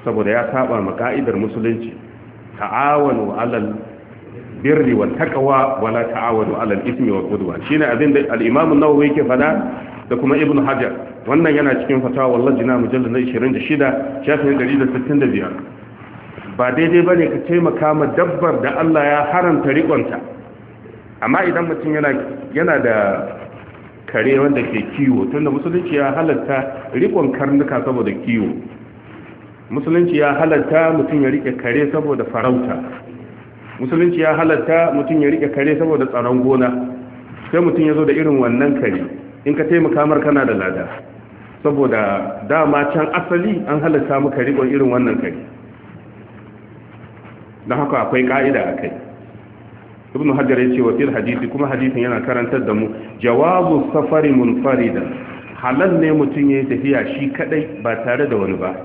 A: saboda ya saba ma ka'idar musulunci ta'awanu alal birri wa taqwa wala ta'awadu 'ala al-ithmi wal udwan shine abin da al-imam an-nawawi yake fada da kuma ibn hajar wannan yana cikin fatawa lajina mujallal 26 shafin 165 ba daidai bane ka taimaka ma dabbar da Allah ya haranta riƙonta amma idan mutum yana yana da kare wanda ke kiwo tunda musulunci ya halatta riƙon karnuka saboda kiwo musulunci ya halatta mutum ya rike kare saboda farauta musulunci ya halatta mutum ya rike kare saboda tsaron gona sai mutum ya zo da irin wannan kare in ka taimaka mar kana da lada saboda dama can asali an halatta maka rikon irin wannan kare don haka akwai ka'ida a kai ibn hajar ya ce wa fil hadisi kuma hadisin yana karantar da mu jawabu safari munfarida halal ne mutum ya yi tafiya shi kadai ba tare da wani ba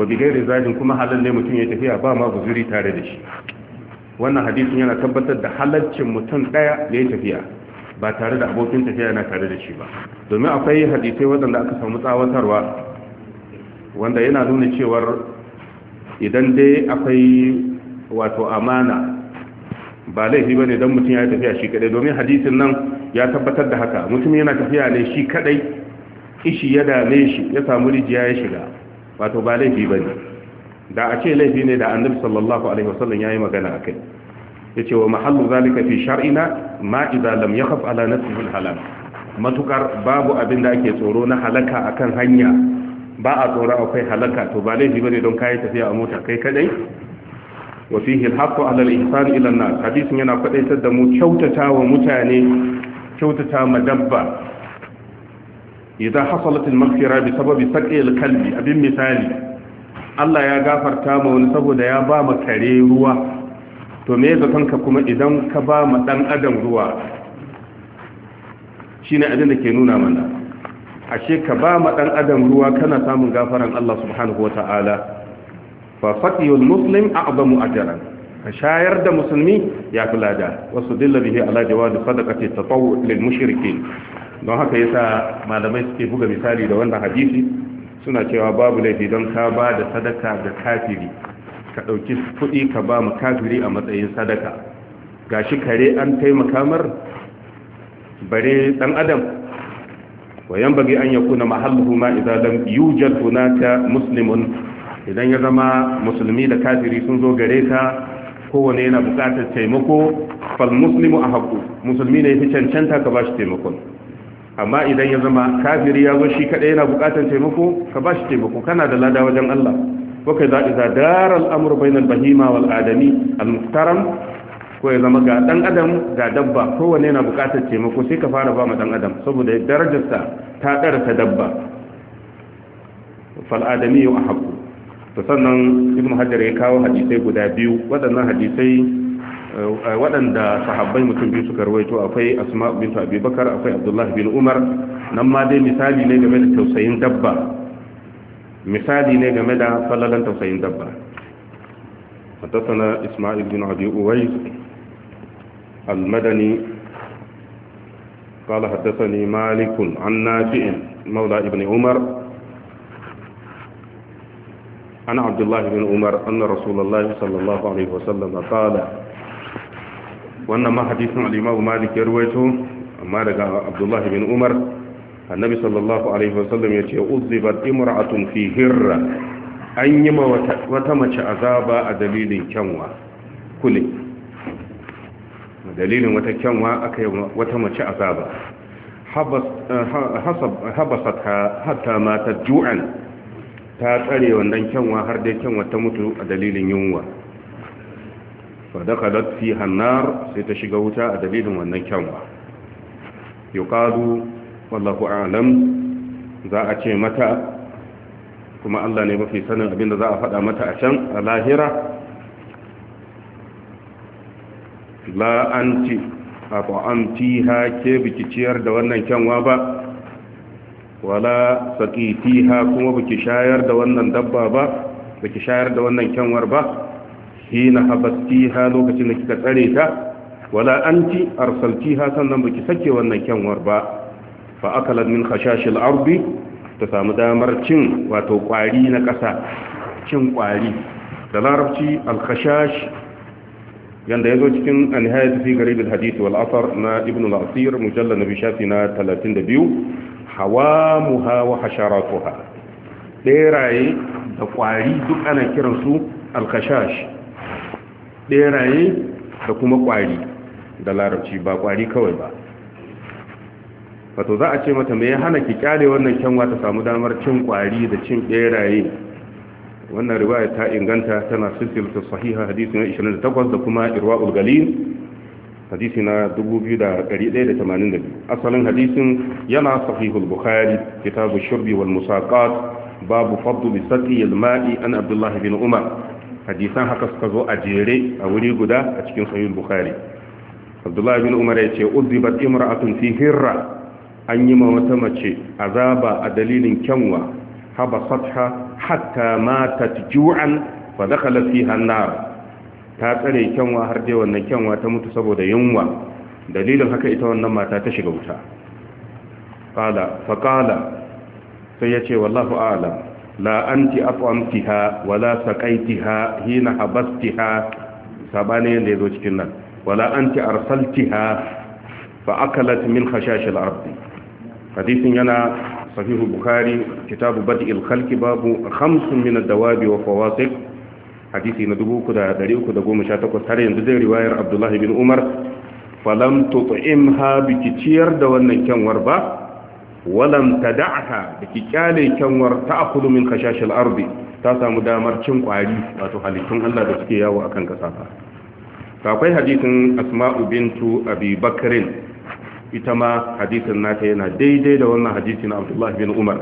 A: wa bigairi zajin kuma halal ne mutum ya yi tafiya ba ma guzuri tare da shi wannan hadisin yana tabbatar da halaccin mutum daya da ya tafiya ba tare da abokin tafiya yana tare da shi ba domin akwai hadisai waɗanda aka samu tsawatarwa wanda yana nuna cewar idan dai akwai wato amana ba laifi ba ne don mutum ya tafiya shi kadai domin hadisin nan ya tabbatar da haka mutum yana tafiya ne shi kadai ishi ya dame shi ya samu rijiya ya shiga wato ba laifi ba ne da a ce laifi ne da annabi sallallahu alaihi wasallam ya yi magana a kai yace wa mahallu zalika fi shar'ina ma idza lam yakhaf ala nafsihi halal matukar babu abin da ake tsoro na halaka akan hanya ba a tsoro akwai halaka to ba laifi bane don kai tafiya a mota kai kadai wa fihi al-haqqu ala al-ihsan ila an-nas hadisin yana kwadaitar da mu kyautata wa mutane kyautata dabba idan hasalat al-maghfira bi sababi saqi al-kalbi abin misali Allah ya gafarta ma wani saboda ya ba kare ruwa to me zatonka kuma idan ka ba ma dan adam ruwa shine abin da ke nuna mana ashe ka ba ma ɗan adam ruwa kana samun gafaran Allah subhanahu wataala fa faqiyul muslim a ajran ka shayar da musulmi ya fi lada wasu dilla bihi da jawazi ce ta lil mushrikin don haka yasa malamai suke buga misali da wannan hadisi suna cewa babu laifi don ka ba da sadaka da kafiri ka ɗauki kuɗi ka ba mu kafiri a matsayin sadaka Ga shi kare an taimaka mar bare ɗan adam wayan bagi an na mahalluhu ma idan lam yujad hunaka muslimun idan ya zama musulmi da kafiri sun zo gare ta kowane yana buƙatar taimako fal muslimu haku musulmi ne fi cancanta ka bashi taimakon amma idan ya zama kafiri ya zo shi kaɗai yana buƙatar taimako ka bashi taimako kana da lada wajen Allah وكذا إذا دار الأمر بين البهيمة والآدمي المحترم ko ya zama ga dan adam ga dabba kowane yana bukatar taimako sai ka fara ba ma dan adam saboda darajarsa ta ɗarasa dabba fal adami a haqqu Ta sannan ibnu hajar ya kawo hadisai guda biyu waɗannan hadisai waɗanda sahabbai mutum biyu suka rawaito akwai asma bint abubakar akwai abdullah bin umar nan ma dai misali ne game da tausayin dabba misali ne game da sallalan tausayin dabba حدثنا إسماعيل بن عبي أويس المدني قال حدثني مالك عن نافع مولى ابن عمر عن عبد الله بن عمر أن رسول الله صلى الله عليه وسلم قال وأن ما حديث علي مالك يرويته ما عبد الله بن عمر annabi sallallahu alaihi wasallam ya ce uzibat imra'atun fi hirra an yi ma wata mace azaba a dalilin kyanwa kule dalilin wata kyanwa aka yi wata mace azaba habasat hatta mata ju'an ta tsare wannan kyanwa har dai kyanwa ta mutu a dalilin yunwa fadakalat fi hannar sai ta shiga wuta a dalilin wannan kyanwa yuqalu wallahu alam za a ce mata kuma Allah ne mafi sanin abinda za a faɗa mata a can a lahira la anti a ta'amtiha ke bikiciyar da wannan kyanwa ba wala ha kuma biki shayar da wannan dabba ba biki shayar da wannan kyanwar ba shi na hina ha lokacin da kika tsare ta wala anti ha sannan biki sake wannan kyanwar ba fa akalat min khashashil arbi ta samu damar cin wato kwari na ƙasa cin kwari da larabci al Yadda ya zo cikin an-nihayat fi gari da hadith wal na ibn al-asir mujallad nabi shafi na 32 hawamuha wa hasharatuha ɗeraye da kwari duk ana kiransu al-khashash beraye da kuma kwari da larabci ba kwari kawai ba wato za a ce mata me ya hana ki kyale wannan kyanwa ta samu damar cin kwari da cin beraye wannan riwaya ta inganta tana silsilatu sahiha hadisi na 28 da kuma irwaul galil hadisi na 2182 asalin hadisin yana sahihul bukhari kitabu shurbi wal musaqat babu fadl Sati, al ma'i an abdullah bin umar hadisan haka suka zo a jere a wuri guda a cikin sahihul bukhari abdullah bin umar ya ce uzibat imra'atun fi hirra an yi ma wata mace azaba a dalilin kyanwa haba satha hatta ta ju'an fa dakhala fiha an-nar ta tsare kyanwa har dai wannan kyanwa ta mutu saboda yunwa dalilin haka ita wannan mata ta shiga wuta qala fa qala sai yace wallahu a'lam la anti afamtiha wala saqaitiha hina habastiha sabane yanda yazo cikin nan wala anti arsaltiha Ba akalat min khashashil ardi hadisin yana sahihu bukhari kitabu bad'il khalqi babu khamsun min ad-dawabi wa fawasiq hadisi na 3318 har yanzu dai riwayar abdullahi bin umar falam tut'imha biki ciyar da wannan kyanwar ba walam tad'aha biki kyale kyanwar ta'kulu min khashashil ardi ta samu damar cin kwari wato halittun Allah da suke yawo akan kasa ta akwai hadisin asma'u bintu abi ita ma hadisin nata yana daidai da wannan hadisi na abdullahi bin umar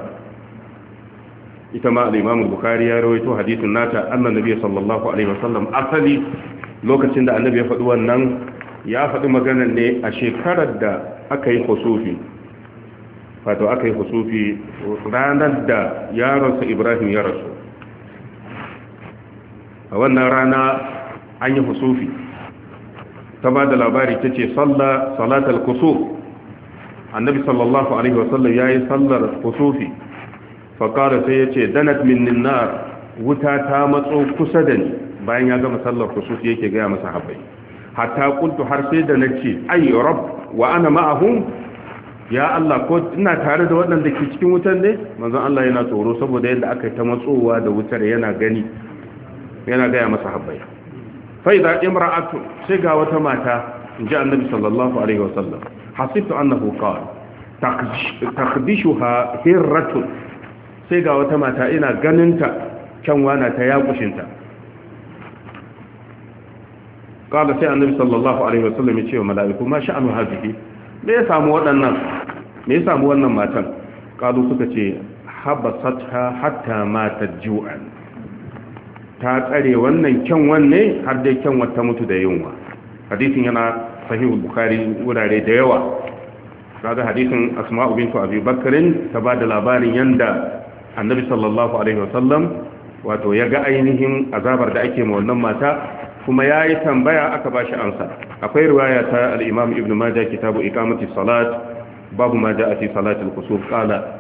A: ita ma al'imamu bukari ya rawaito hadisin nata annan nabi sallallahu alaihi wasallam asali lokacin da annabi ya faɗi wannan ya faɗi maganar ne a shekarar da aka yi husufi fato aka yi husufi ranar da yaronsa ibrahim ya rasu a wannan rana an yi husufi ta ba da labari ta ce salatar kusur annabi sallallahu alaihi wasallam ya yi sallar kusufi faƙara sai ya ce danat min nar wuta ta matso kusa da ni bayan ya gama sallar kusufi yake gaya masa habai hatta kuntu har sai da nace ai rabb wa ana ma'ahum ya Allah ko ina tare da waɗanda ke cikin wutan ne manzon Allah yana tsoro saboda yadda aka yi ta matsowa da wutar yana gani yana gaya masa habai fa idza imra'atu sai ga wata mata inji annabi sallallahu alaihi wasallam hasibtu annahu qala takdishuha hirratun sai ga wata mata ina ganinta kyanwa ta yakushinta kada sai annabi sallallahu alaihi wasallam ya ce wa mala'iku ma sha'anu hadhihi me ya me ya samu wannan matan kalu suka ce habasatha hatta matat ju'an ta tsare wannan kyanwan ne har dai kyanwar ta mutu da yunwa hadisin yana sahihul bukhari wurare da yawa kaga hadisin asma'u bintu abi bakrin ta bada labarin yanda annabi sallallahu alaihi wasallam wato ya ga ainihin azabar da ake ma wannan mata kuma ya yi tambaya aka ba shi amsa akwai riwaya ta al'imam ibnu majah kitabu ikamati salat babu maja a fi salatul kusur kala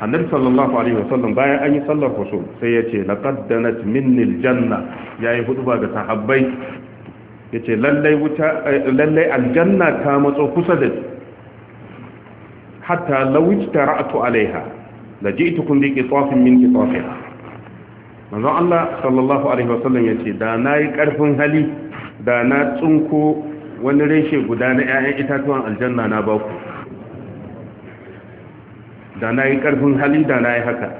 A: annabi sallallahu alaihi wasallam bayan an yi sallar kusur sai ya ce laqaddanat minni aljanna yayi hudu ba ga sahabbai yace lallai wuta lallai aljanna ta matso kusa da hatta law ijtara'tu alaiha laji'tukum bi qitafin min tsofin manzo Allah sallallahu alaihi wasallam yace da yi ƙarfin hali da na tsunko wani reshe guda na 'ya'yan itatuwan aljanna na baku da na yi ƙarfin hali da na yi haka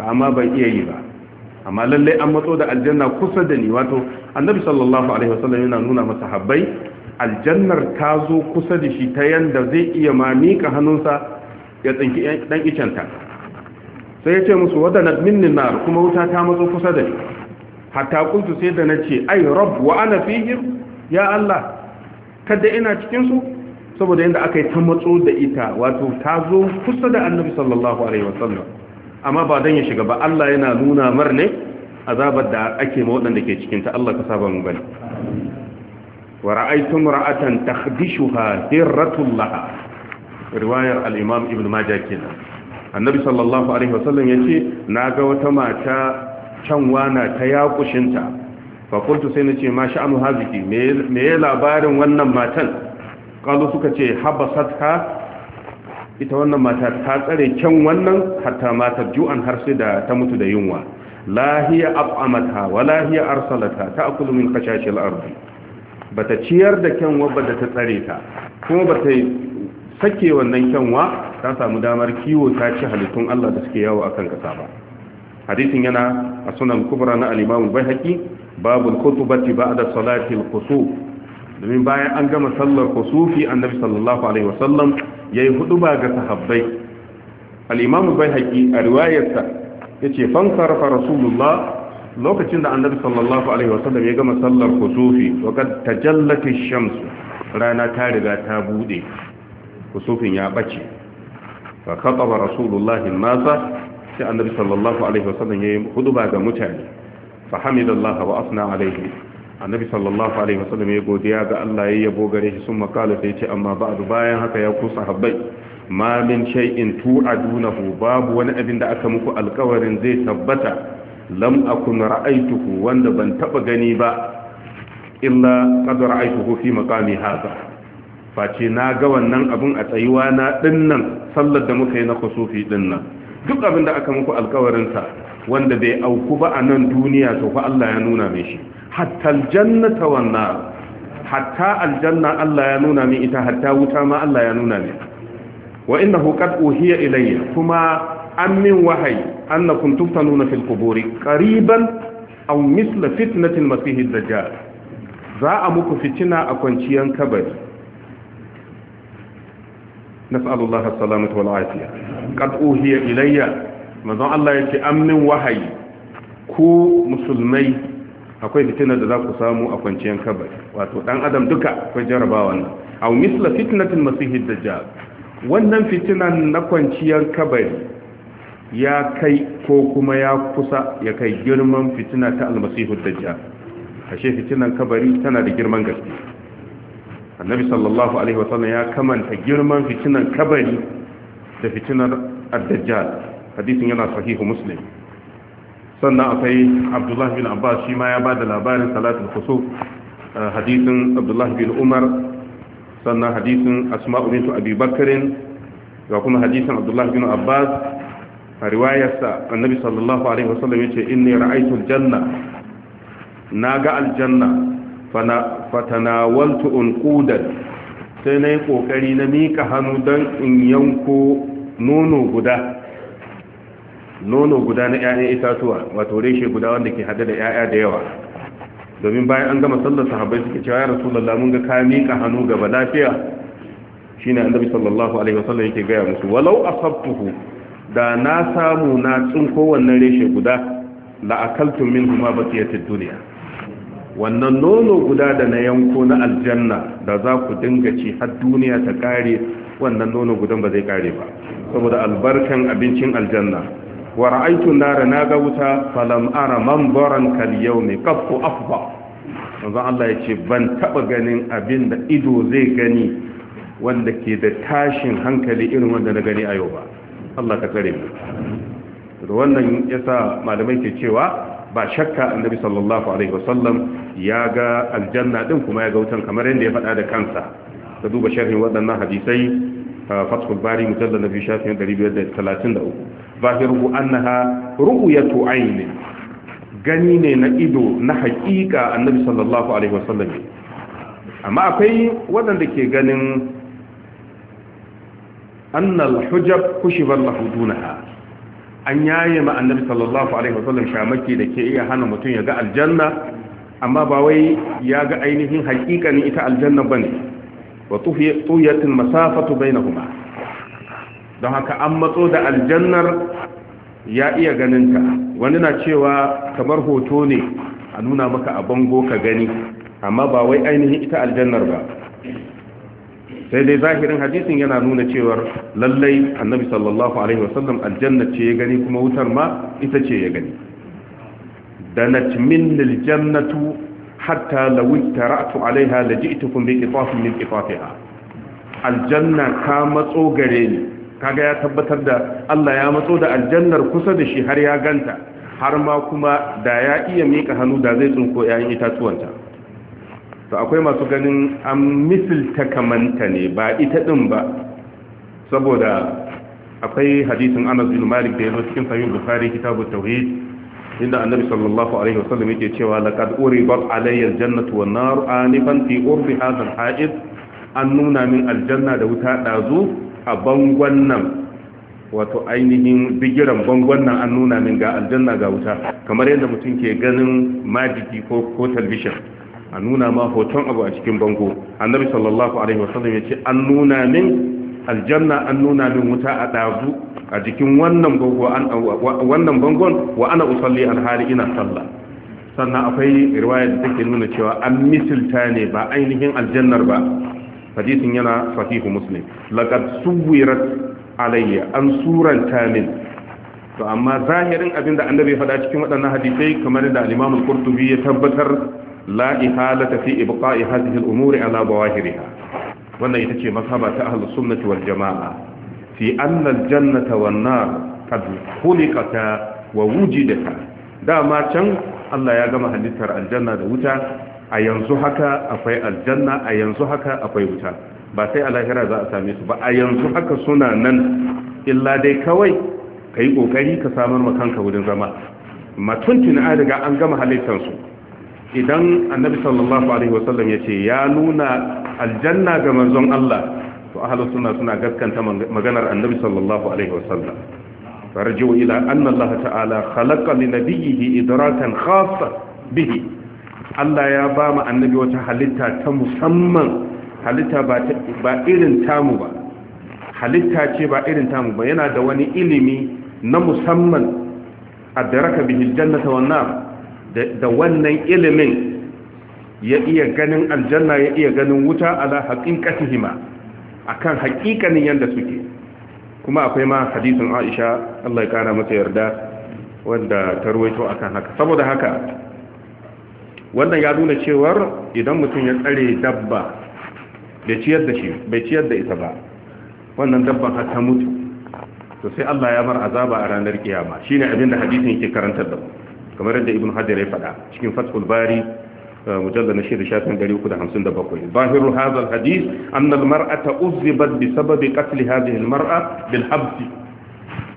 A: amma ban iya yi ba amma lallai an matso da aljanna kusa da ni wato annabi sallallahu alaihi wasallam yana nuna masa habbai aljannar ta zo kusa da shi ta yanda zai iya ma mika hannunsa ya tsinki dan icenta sai ya ce musu wadana minni nar kuma wuta ta matso kusa da ni hatta kuntu sai da nace ai rabb wa ana fihi ya allah kada ina cikin su saboda yanda aka yi ta matso da ita wato ta zo kusa da annabi sallallahu alaihi wasallam amma ba don ya shiga ba Allah yana nuna mar ne azabar da ake ma waɗanda ke cikinta Allah ka saba mu bane wa ra'aytum ra'atan takhdishuha dirratul laha riwayar al-imam ibn majah kenan annabi sallallahu alaihi wasallam yace naga wata mata canwa na ta yakushinta fa qultu sai nace ma sha'anu haziki me me labarin wannan matan qalu suka ce habasatka ita wannan mata ta tsare kyan wannan hatta mata ju'an har sai da ta mutu da yunwa lahiya ab'amata wa lahiya arsalata ta akulu min kashashil ardi bata ciyar da kyan ba da ta tsare ta kuma bata sake wannan kyanwa ta samu damar kiwo ta ci halittun Allah da suke yawo akan kasa ba hadisin yana a sunan kubra na al-imam al-baihaqi babul kutubati ba'da salati al domin bayan an gama sallar kusufi annabi sallallahu alaihi wasallam yayi huduba ga sahabbai al-imam bayhaqi a riwayarsa yace fan sarfa rasulullah lokacin da annabi sallallahu alaihi wasallam ya gama sallar kusufi wa kad tajallati ash-shams rana ta riga ta bude kusufin ya bace fa khataba rasulullah an-nasa sai annabi sallallahu alaihi wasallam yayi huduba ga mutane fa hamidallahu wa asna alaihi annabi sallallahu alaihi wasallam ya godiya ga Allah ya yabo gare shi sun makala sai ce amma ba'du bayan haka ya ku sahabbai ma min shay'in tu'adunahu babu wani abin da aka muku alƙawarin zai tabbata lam akun ra'aituhu wanda ban taba gani ba illa qad ra'aituhu fi maqami hadha face na ga wannan abun a tsayuwa na dinnan sallar da muka yi na kusufi dinnan duk abin da aka muku alƙawarin sa wanda bai auku ba a nan duniya to fa Allah ya nuna mai shi hatta aljanna ta wannan, hatta aljanna Allah ya nuna min ita hatta wuta ma Allah ya nuna min wa innahu qad uhiya ilayya kuma an min wahayi annakum tuftanuna fil quburi qariban aw misla fitnatil masih ad-dajjal za a muku fitina a kwanciyan kabari nas'alullaha as-salamata wal afiya qad uhiya ilayya manzon Allah yake an min wahayi ku musulmai akwai fitinar da za ku samu a kwanciyar kabari wato ɗan adam duka akwai jarabawa nan aw misla fitnatil masihid dajjal wannan fitinan na kwanciyar kabari ya kai ko kuma ya kusa ya kai girman fitina ta almasihud dajjal ashe fitinan kabari tana da girman gaske annabi sallallahu alaihi wasallam ya kamanta girman fitinan kabari da fitinar ad-dajjal hadisin yana sahihu muslim sannan akwai abdullahi bin abbas shi ma ya ba da labarin salatul kusuf eh, hadisin abdullahi bin umar sannan hadisin asma'u bintu abi bakarin ga kuma hadisin abdullahi bin abbas a riwayarsa annabi sallallahu alaihi wasallam ya yace inni ra'aytu aljanna naga aljanna waltu in unqudan sai na yi kokari na mika hannu don in yanko nono guda nono guda na 'ya'yan itatuwa wato reshe guda wanda ke hada da 'ya'ya da yawa domin bayan an gama sallar sahabbai suke cewa ya rasu mun ga ka miƙa hannu gaba lafiya shine annabi sallallahu alaihi wasallam yake gaya musu walau asabtuhu da na samu na tsinko wannan reshe guda la akaltu huma baqiyat ad dunya wannan nono guda da na yanko na aljanna da za ku dinga ci har duniya ta kare wannan nono gudan ba zai kare ba saboda albarkan abincin aljanna wa ra'aytu nara naga wuta falam ara manzaran kal yawmi qattu afba manzo Allah yace ban taba ganin abin da ido zai gani wanda ke da tashin hankali irin wanda na gani a yau ba Allah ka tsare mu da wannan yasa malamai ke cewa ba shakka annabi sallallahu alaihi wasallam ya ga aljanna din kuma ya ga wutan kamar yadda ya faɗa da kansa ka duba sharhin waɗannan hadisai fathul bari mujallal na fi shafin 533 zahiru annaha ru'yatu aini gani ne na ido na haƙiƙa annabi sallallahu alaihi wasallam amma akwai waɗanda ke ganin annal hujab kushibar lahu an yaye ma annabi sallallahu alaihi wasallam shamaki da ke iya hana mutum ya ga aljanna amma ba wai ya ga ainihin haƙiƙanin ita aljanna bane wa tuhiyatul masafatu bainahuma don haka an matso da aljannar ya iya ganinta wani na cewa kamar hoto ne a nuna maka a bango ka gani amma ba wai ainihin ita aljannar ba sai dai zahirin hadisin yana nuna cewar lallai annabi sallallahu alaihi wasallam aljanna ce ya gani kuma wutar ma ita ce ya gani na cimin liljannatu hatta law taratu alaiha laji'tukum bi qitafin min qitafiha aljanna ka matso gare ni kaga ya tabbatar da Allah ya matso da aljannar kusa da shi har ya ganta har ma kuma da ya iya mika hannu da zai tsinko yayin itatuwanta to akwai masu ganin an misilta kamanta ne ba ita din ba saboda akwai hadisin Anas bin Malik da yazo cikin sahih Bukhari kitabut tauhid inda annabi sallallahu alaihi wasallam yake cewa laqad uribat alayya aljannatu wan nar anifan fi urbi hadha alhajid an nuna min aljanna da wuta dazu a bangon nan wato ainihin bigiran bangon nan an nuna min ga aljanna ga wuta kamar yadda mutum ke ganin majiki ko ko talbishin a nuna ma hoton abu a cikin bango annabi sallallahu alaihi wasallam ya ce an nuna min aljanna an nuna min wuta a dazu a jikin wannan bango an wannan bangon wa ana usalli alhali ina sallah sannan akwai riwaya da take nuna cewa an misilta ne ba ainihin aljannar ba hadisin yana sahihu muslim laqad suwirat alayya an suranta min to amma zahirin abinda da annabi faɗa cikin waɗannan hadisai kamar da al-imam al-qurtubi ya tabbatar la ihalata fi ibqa'i hadhihi al-umuri ala zawahiriha wannan ita ce mazhaba ta ahlus sunnati wal jama'a fi anna al-jannata wan nar qad khuliqata wa wujidata dama can Allah ya gama halittar aljanna da wuta a yanzu haka akwai aljanna a yanzu haka akwai wuta ba sai a lahira za a same su ba a yanzu haka suna nan illa dai kawai ka yi ƙoƙari ka samar ma kanka wurin zama matuntun a an gama halittarsu idan annabi sallallahu alaihi wasallam ya ce ya nuna aljanna ga manzon Allah to ahlus sunna suna gaskanta maganar annabi sallallahu alaihi wasallam farji'u ila anna Allah ta'ala khalaqa li nabiyhi idrakan khassa bihi Allah ya ba mu annabi wata halitta ta musamman halitta ba irin tamu ba halitta ce ba irin tamu ba yana da wani ilimi na musamman adaraka bihi jannata wan da wannan ilimin ya iya ganin aljanna ya iya ganin wuta ala haqiqatihima akan haqiqanin yanda suke kuma akwai ma hadisin Aisha Allah ya kara mata yarda wanda tarwaito akan haka saboda haka wannan ya nuna cewar idan mutum ya tsare dabba bai ciyar da shi bai ciyar da ita ba wannan dabban har ta mutu to sai Allah ya bar azaba a ranar kiyama shine abin da hadisin yake karantar da mu kamar yadda ibn hajar ya faɗa cikin fathul bari eh, mujallad na shida shafin 357 zahiru hadha alhadith anna almar'ata uzibat bi sababi qatl hadhihi mar'a bil habs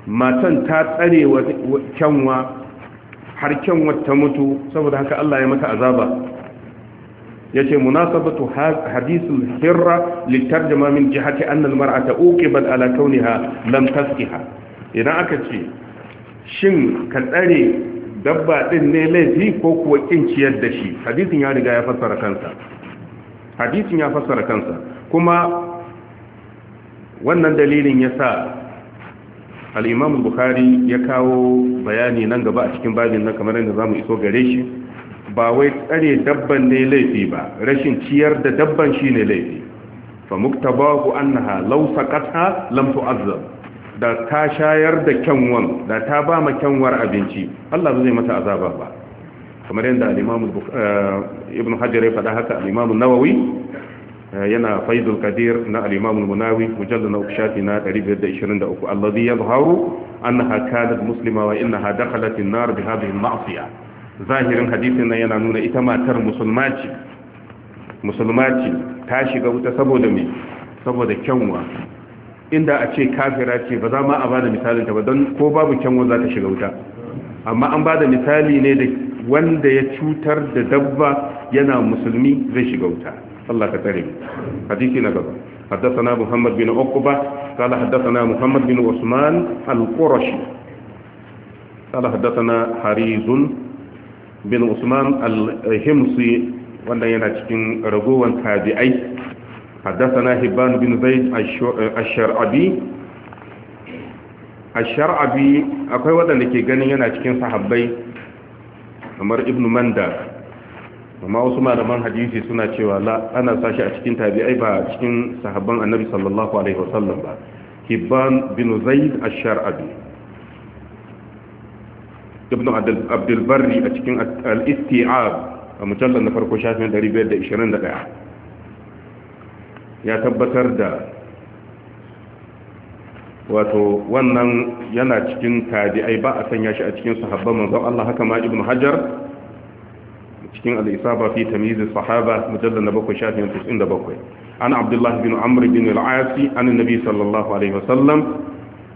A: matan ta tsare wa kyanwa har kyan wata mutu saboda haka Allah ya mata azaba yace munasabatu hadithul hirra litarjuma min jihati anna almar'ata uqibat ala kawniha lam tasqiha idan aka ce shin ka tsare dabba din ne laifi ko kuwa kinciyar da shi hadisin ya riga ya fassara kansa hadisin ya fassara kansa kuma wannan dalilin yasa al'imamun Bukhari ya kawo bayani nan gaba a cikin babin nan kamar yadda za mu iso gare shi ba wai tsare dabban ne laifi ba rashin ciyar da dabban shi ne laifi fa muktabahu annaha law saqatha lam tu'azzab da ta shayar da kyanwan da ta ba ma kyanwar abinci Allah zai mata azaba ba kamar yadda al eh, Ibn Hajar ya faɗa haka al Nawawi Eh, yana faidul kadir na al-imam al-munawi mujallad na shafi na 523 alladhi yadhharu annaha kanat muslima wa innaha dakhalat an-nar bi hadhihi al-ma'siyah zahirin hadisin nan yana nuna ita matar musulmaci musulmaci ta shiga wuta saboda me saboda kyanwa inda a ce kafira ce ba za ma a bada misalin ta ba don ko babu kyanwa za ta shiga wuta amma an bada misali ne da wanda ya cutar da dabba yana musulmi zai shiga wuta الله كتريم حديثي قبل حدثنا محمد بن عقبة قال حدثنا محمد بن عثمان القرشي قال حدثنا حريز بن عثمان الهمصي وانا ينتجن رجوا تابعي حدثنا هبان بن زيد الشرعبي الشرعبي akwai waɗanda لكي ganin yana cikin sahabbai ابن مندر amma wasu malaman hadisi suna cewa la ana sashi a cikin tabi'ai ba cikin sahabban annabi sallallahu alaihi wasallam ba kibban bin zaid ash-shar'abi ibn abdul barri a cikin al-isti'ab a mujallar na farko shafin 521 ya tabbatar da wato wannan yana cikin tabi'ai ba a sanya shi a cikin sahabban manzon Allah haka ma ibn hajar cikin al-isaba fi tamyiz as-sahaba mujallad na 7 shafin bakwai ana abdullahi bin amr bin al-as an annabi sallallahu alaihi wasallam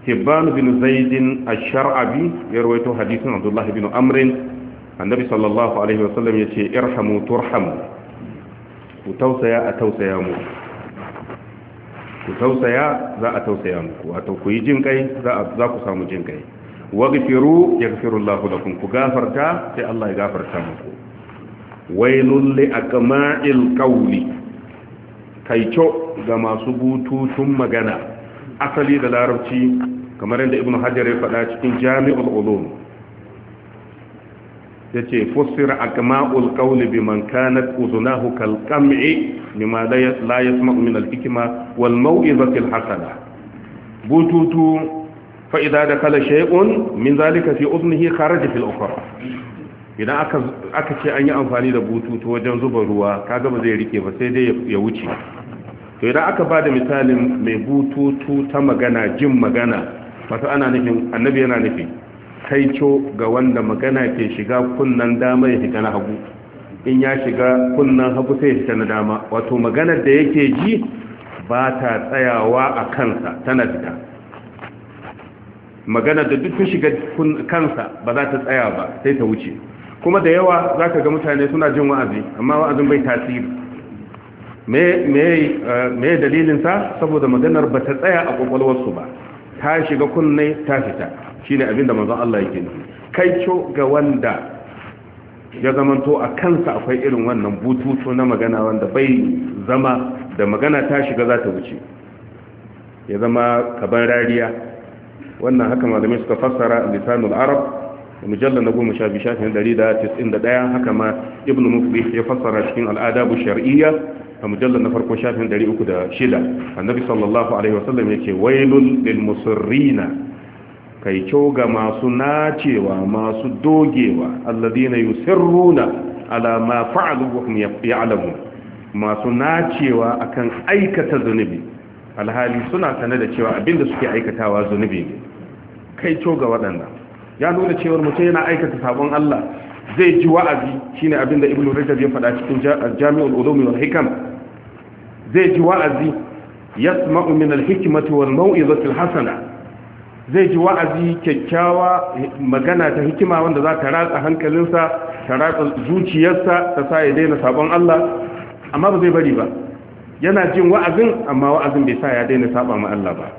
A: hibban bin zaid ash-shar'abi ya rawaito hadithin abdullah bin amr annabi sallallahu alaihi wasallam yace irhamu turhamu ku tausaya a tausaya mu ku tausaya za a tausaya muku wato ku yi jin kai za ku samu jin kai waghfiru yaghfirullahu lakum ku gafarta sai Allah ya gafarta muku wailun li akma'il qawli kaico ga masu bututun magana asali da larabci kamar yadda ibnu hajar ya faɗa cikin jami'ul ulum yace fassira akma'ul qawli biman kanat uzunahu kal qam'i mimma la yasma'u min al hikma wal maw'izati al hasana bututu fa idza dakala shay'un min zalika fi udhnihi kharaja fil ukhra idan aka ce an yi amfani da bututu wajen zuba ruwa ka gaba zai rike ba sai dai ya wuce to idan aka ba da misalin mai bututu ta magana jin magana masu ana nufin annabi yana nufi co ga wanda magana ke shiga kunnan dama ya shiga na hagu in ya shiga kunnan hagu sai ya shiga na dama wato maganar da yake ji ba ta tsayawa a kansa tana fita magana da duk shiga kansa ba za ta tsaya ba sai ta wuce kuma da yawa za ka ga mutane suna jin wa'azi amma wa'azin bai tasiri me eh, dalilinsa saboda maganar ba ta tsaya a kwakwalwarsu ba ta shiga kunne ta fita shi ne abinda mazan Allah yake nufi kai co ga wanda ya zamanto a kansa akwai irin wannan bututu na magana wanda bai zama da magana ta shiga za ta wuce ya zama kaban rariya wannan haka malamai suka fassara lisanul arab mujallar na goma sha biyu shafin dari da tisin da ɗaya haka ma ibn muflih ya fassara cikin al'adabu shar'iyya a mujallar na farko shafin dari uku da shida annabi sallallahu alaihi wasallam ya ce wailul lil musirrina kai kyau ga masu nacewa masu dogewa alladina yusirruna ala ma fa'alu wa hum ya'lamun masu nacewa akan aikata zunubi alhali suna sane da cewa abinda suke aikatawa zunubi ne kai kyau ga waɗannan ya nuna cewar mutum yana aikata sabon Allah zai ji wa'azi shine abin da ibnu rajab ya faɗa cikin jami'ul ulumi wal hikam zai ji wa'azi yasma'u min al hikmati wal mau'izati al hasana zai ji wa'azi kyakkyawa magana ta hikima wanda za ta ratsa hankalinsa ta ratsa zuciyarsa ta sa ya daina sabon Allah amma ba zai bari ba yana jin wa'azin amma wa'azin bai sa ya daina saba ma Allah ba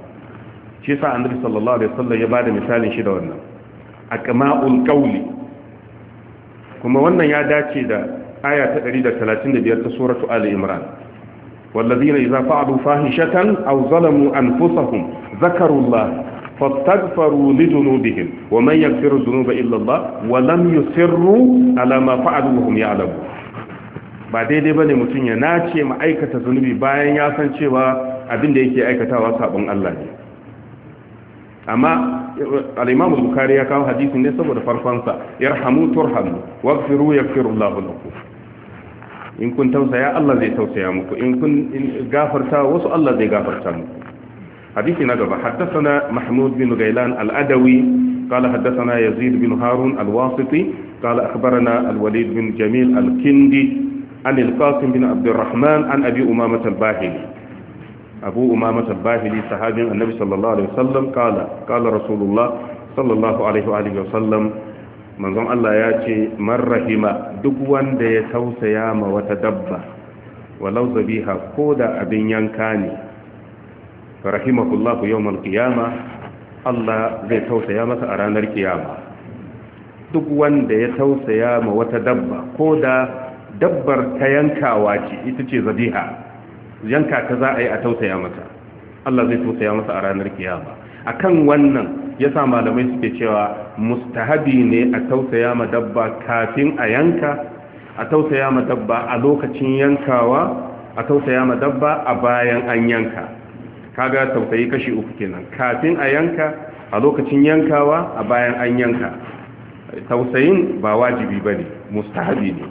A: shi yasa annabi sallallahu alaihi wasallam ya bada misalin shi da wannan aqma'ul qawli kuma wannan ya dace da aya ta 135 ta suratu ali imran walladhina idza fa'alu fahishatan aw zalamu anfusahum zakaru allah فاستغفروا wa man يغفر الذنوب illallah الله ولم يصروا على ما فعلوا وهم يعلمون ba daidai ne mutum ya nace ma aikata zunubi bayan ya san cewa abin da yake aikatawa sabon Allah ne amma al-imam bukhari ya kawo hadisin ne saboda farfansa yarhamu turhamu waghfiru yaghfirullahu lakum in kun tausaya Allah zai tausaya muku in kun gafarta wasu Allah zai gafarta muku hadisi na gaba haddathana mahmud bin gailan al-adawi قال حدثنا yazid bin harun الواسطي قال أخبرنا الوليد alwalid bin الكندي عن القاسم بن عبد الرحمن عن أبي أمامة الباهلي abu umama tabbahili sahabin annabi sallallahu alaihi wasallam kala kala rasulullah sallallahu alaihi wa sallam manzon Allah ya ce man rahima duk wanda ya tausaya ma wata dabba walau zabiha ko da abin yanka ne rahimahullahu yawmal qiyama Allah zai tausaya masa a ranar kiyama duk wanda ya tausaya ma wata dabba ko da dabbar ta yankawa ce ita ce zabiha yanka ta za a yi a tausaya mata Allah zai tausaya masa a ranar kiyama akan wannan yasa malamai suke cewa mustahabi ne a tausaya ma dabba kafin a yanka a tausaya ma dabba a lokacin yankawa a tausaya ma dabba a bayan an yanka kaga tausayi kashi uku kenan kafin a yanka a lokacin yankawa a bayan an yanka tausayin ba wajibi bane mustahabi ne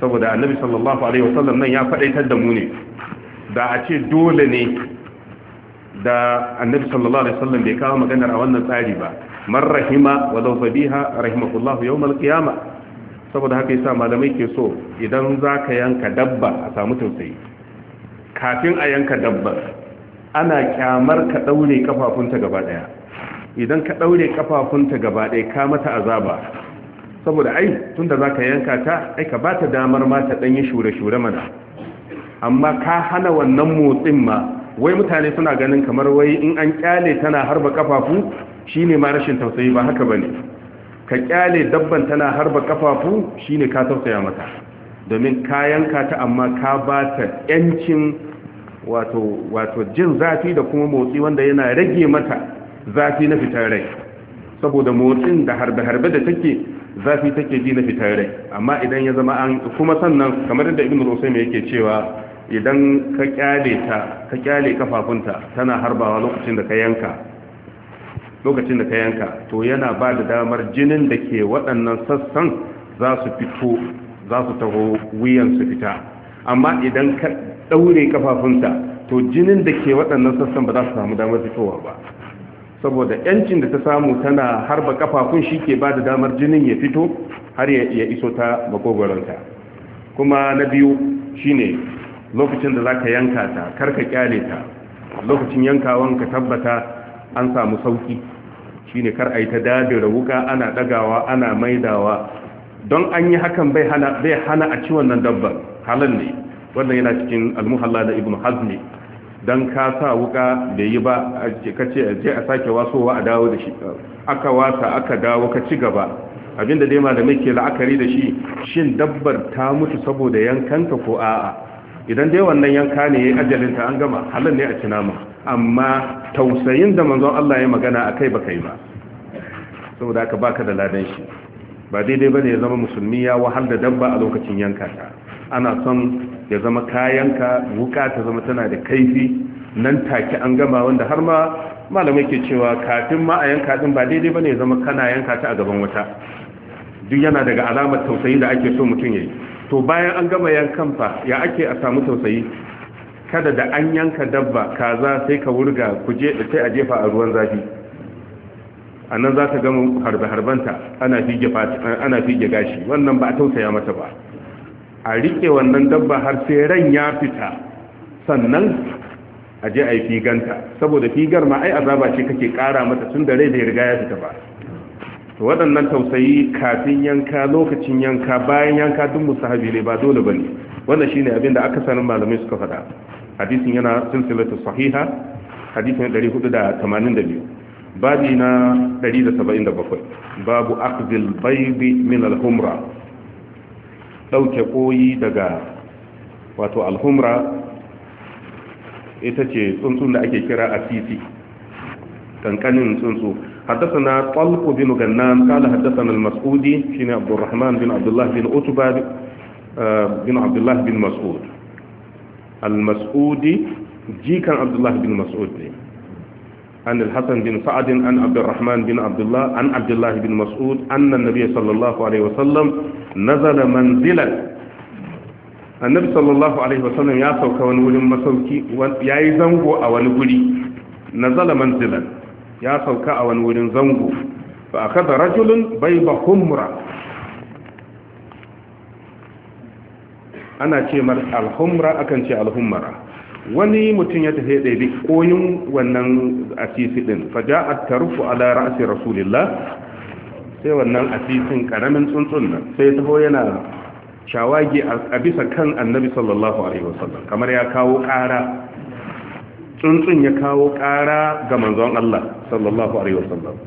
A: saboda annabi sallallahu alaihi wasallam nan ya faɗaitar da mu ne da a ce dole ne da annabi sallallahu alaihi wasallam bai kawo maganar a wannan tsari ba man rahima wa law fabiha rahimahullahu yawmal qiyamah
B: saboda haka yasa malamai ke so idan zaka yanka dabba a samu tausayi
A: kafin a yanka dabba ana kyamar ka daure kafafunta gaba daya idan ka daure kafafunta gaba daya ka mata azaba saboda ai tunda zaka yanka ta ai ka bata damar ma ta danyi shure-shure mana amma ka hana wannan motsin ma wai mutane suna ganin kamar wai in an kyale tana harba kafafu shine ma rashin tausayi ba haka bane ka kyale dabban tana harba kafafu shine ka tausaya mata domin ka yanka ta amma ka ba ta yancin wato wato jin zafi da kuma motsi wanda yana rage mata zafi na fitar rai saboda motsin da harbe harbe da take zafi take ji na fitar rai amma idan ya zama an kuma sannan kamar da ibn rusaymi yake cewa idan ka kyale ta ka kyale kafafunta tana harbawa lokacin da ka yanka lokacin da ka yanka to yana ba da damar jinin da ke waɗannan sassan za su fito za su taho wuyan su fita amma idan ka ɗaure kafafunta to jinin da ke waɗannan sassan ba za su samu damar fitowa ba saboda yancin da ta samu tana harba kafafun shi ke ba da damar jinin ya fito har ya iso ta makogoronta kuma na biyu shine lokacin da za ka yanka ta karka kyale ta lokacin yankawan ka tabbata an samu sauki shi ne kar a yi ta dadira wuka ana dagawa ana maidawa don an yi hakan bai hana a ci wannan dabbar halin ne wannan yana cikin almuhalla da ibnu hazmi don ka sa wuka bai yi ba ka ce je a sake wasowa a dawo da shi aka wasa aka dawo ka ci gaba abinda dai malamai ke la'akari da shi shin dabbar ta mutu saboda yankanta ko a'a idan dai wannan yanka ne yayin ajalin ta an gama halin ne a ci nama amma tausayin da manzon Allah ya magana a akai baka yi ba saboda haka baka da ladan shi ba daidai bane ya zama musulmi ya wahal da dabba a lokacin yanka ta ana son ya zama kayanka wuka ta zama tana da kaifi nan take an gama wanda har ma malamai ke cewa kafin ma a yanka din ba daidai bane ya zama kana yanka ta a gaban wata duk yana daga alamar tausayi da ake so mutum yayi to bayan an gama yankan fa ya ake a samu tausayi kada da an yanka dabba kaza sai ka wurga kuje da sai a jefa a ruwan zafi a nan za ta gama harbe-harbenta ana fige gashi wannan ba a tausaya mata ba a rike wannan dabba har sai ran ya fita sannan a je a yi figanta saboda figar ma ai azaba ce kake kara mata tun da rai ya riga ya fita ba to waɗannan tausayi kafin yanka lokacin yanka bayan yanka duk musahabi ne ba dole bane wannan shine abin da aka sanin malamai suka faɗa hadisin yana silsilatu sahiha hadisin 482 babi na 177 babu akhdhil baydi min al-humra dauke koyi daga wato al-humra ita ce tsuntsun da ake kira asisi kankanin tsuntsu حدثنا طلق بن جنان قال حدثنا المسعودي شين عبد الرحمن بن عبد الله بن عتبة آه، بن عبد الله بن مسعود المسعودي جي كان عبد الله بن مسعود عن الحسن بن سعد عن عبد الرحمن بن عبد الله عن عبد الله بن مسعود أن النبي صلى الله عليه وسلم نزل منزلا النبي صلى الله عليه وسلم يا سوكا ونولي مسوكي ويا yi أو a wani ya sauka a wani wurin zango fa akhadha rajulun bayba humra ana ce mar alhumra akan ce alhumra wani mutum ya tafi ɗaiɗi koyin wannan asisi ɗin faja a tarufu ala ra'asin rasulillah sai wannan asisin ƙaramin tsuntsun nan sai taho yana shawagi a bisa kan annabi sallallahu alaihi wasallam kamar ya kawo ƙara tsuntsun ya kawo ƙara ga manzon Allah sallallahu alaihi wasallam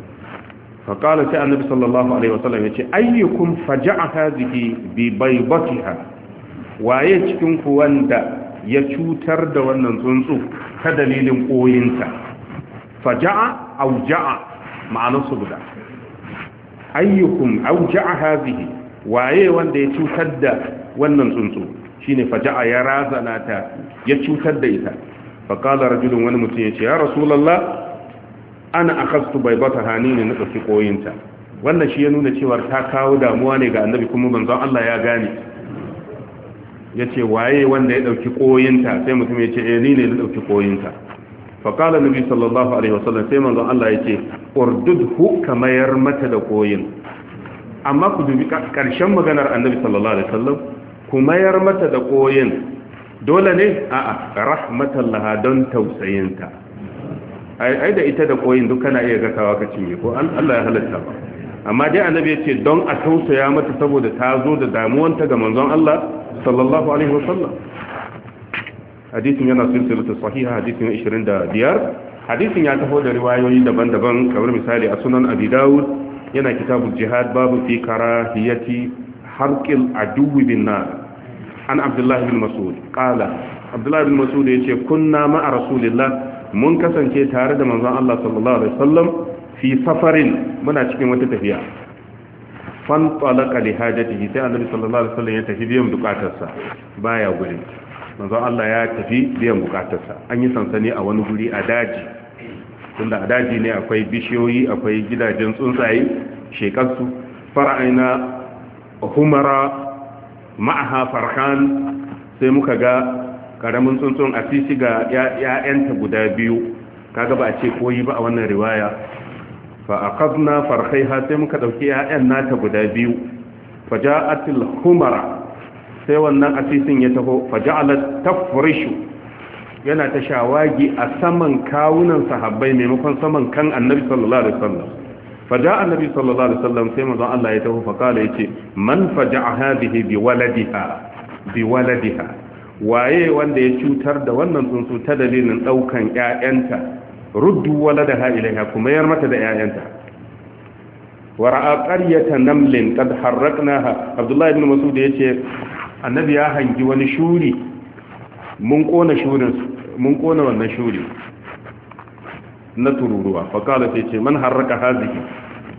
A: fa qala sai annabi sallallahu alaihi wasallam yace ayyukum faja'a hadhihi bi baybatiha waye cikin ku wanda ya cutar da wannan tsuntsu ta dalilin koyinta faja'a auja'a ma'anar su guda ayyukum auja'a hadhihi waye wanda ya cutar da wannan tsuntsu shine faja'a ya razana ta ya cutar da ita faƙalar jirin wani mutum ya ce ya rasulallah ana akastu bai bata hannu ne na ɗauki ƙoyinta wannan shi ya nuna cewar ta kawo damuwa ne ga annabi kuma banzan Allah ya gane ya ce waye wanda ya ɗauki koyinta sai mutum ya ce eh ni ne na ɗauki koyinta faƙalar nabi sallallahu alaihi wasallam sai manzon Allah ya ce urdudhu ka mayar mata da koyin amma ku dubi ƙarshen maganar annabi sallallahu alaihi wasallam ku mayar mata da koyin dole ne a'a rahmatallaha don tausayinta ai da ita da koyin duk kana iya gasawa ka cinye ko Allah ya halatta ba amma dai annabi ya ce don a tausaya mata saboda ta zo da damuwanta ga manzon Allah sallallahu alaihi wasallam hadisin yana silsilatu sahiha hadisin 25 hadisin ya taho da riwayoyi daban-daban kamar misali a sunan abi dawud yana kitabul jihad babu fi karahiyati harqil aduwwi bin nar an abdullahi bin mas'ud qala abdullahi bin mas'ud yace kunna ma'a rasulillah mun kasance tare da manzon Allah sallallahu alaihi wasallam fi safarin muna cikin wata tafiya Fan fantalaka li hajatihi sai annabi sallallahu alaihi wasallam ya tafi biyan bukatarsa baya gurin manzon Allah ya tafi biyan bukatarsa an yi sansani a wani guri a daji tunda a daji ne akwai bishiyoyi akwai gidajen tsuntsaye shekarsu fara'aina humara ma'aha farhan sai muka ga karamin tsuntsun a ga ‘ya'yanta guda biyu kaga ba a ce koyi ba a wannan riwaya fa a kazna ha sai muka ɗauki ‘ya'yan nata guda biyu fa ja'atil humara sai wannan asisin ya taho fa ja'alat tafrishu yana ta shawagi a saman kawunan sahabbai maimakon saman kan annabi sallallahu alaihi wasallam faja annabi sallallahu alaihi wasallam sai manzon Allah ya tafi fakala yace man faja'a hadhihi bi waladiha waladiha waye wanda ya cutar da wannan tsuntsu ta dalilin daukan ƴaƴanta ruddu waladaha ilaiha kuma yar mata da ƴaƴanta wa ra'a qaryatan namlin qad harraqnaha abdullahi ibn mas'ud yace annabi ya hangi wani shuri mun kona shurin mun kona wannan shuri na tururuwa fakala sai ce man harraka haziki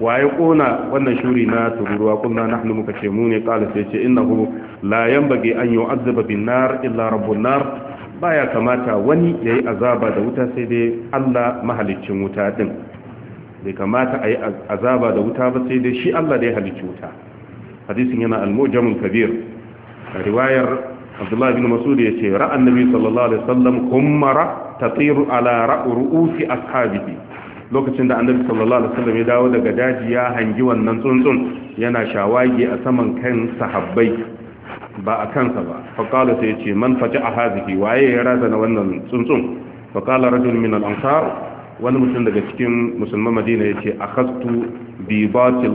A: wa ya kona wannan shuri na tururuwa kuma nahnu muka ce mu ne kala sai ce innahu la yanbaghi an yu'azzaba bin nar illa rabbun nar baya kamata wani yayi azaba da wuta sai dai Allah mahaliccin wuta din bai kamata ayi azaba da wuta ba sai dai shi Allah da ya halicci wuta hadisin yana al-mujamul kabir riwayar abdullahi bin masud ya ce ra'an nabi sallallahu alaihi wasallam kummara tatiru ala ru'usi ashabihi lokacin da annabi sallallahu alaihi wasallam ya dawo daga daji ya hangi wannan tsuntsun yana shawagi a saman kan sahabbai ba a kansa ba faqala sai ce man a hadhihi waye ya raza na wannan tsuntsun faqala rajul min al-ansar wani mutum daga cikin musulman madina yace akhadtu bi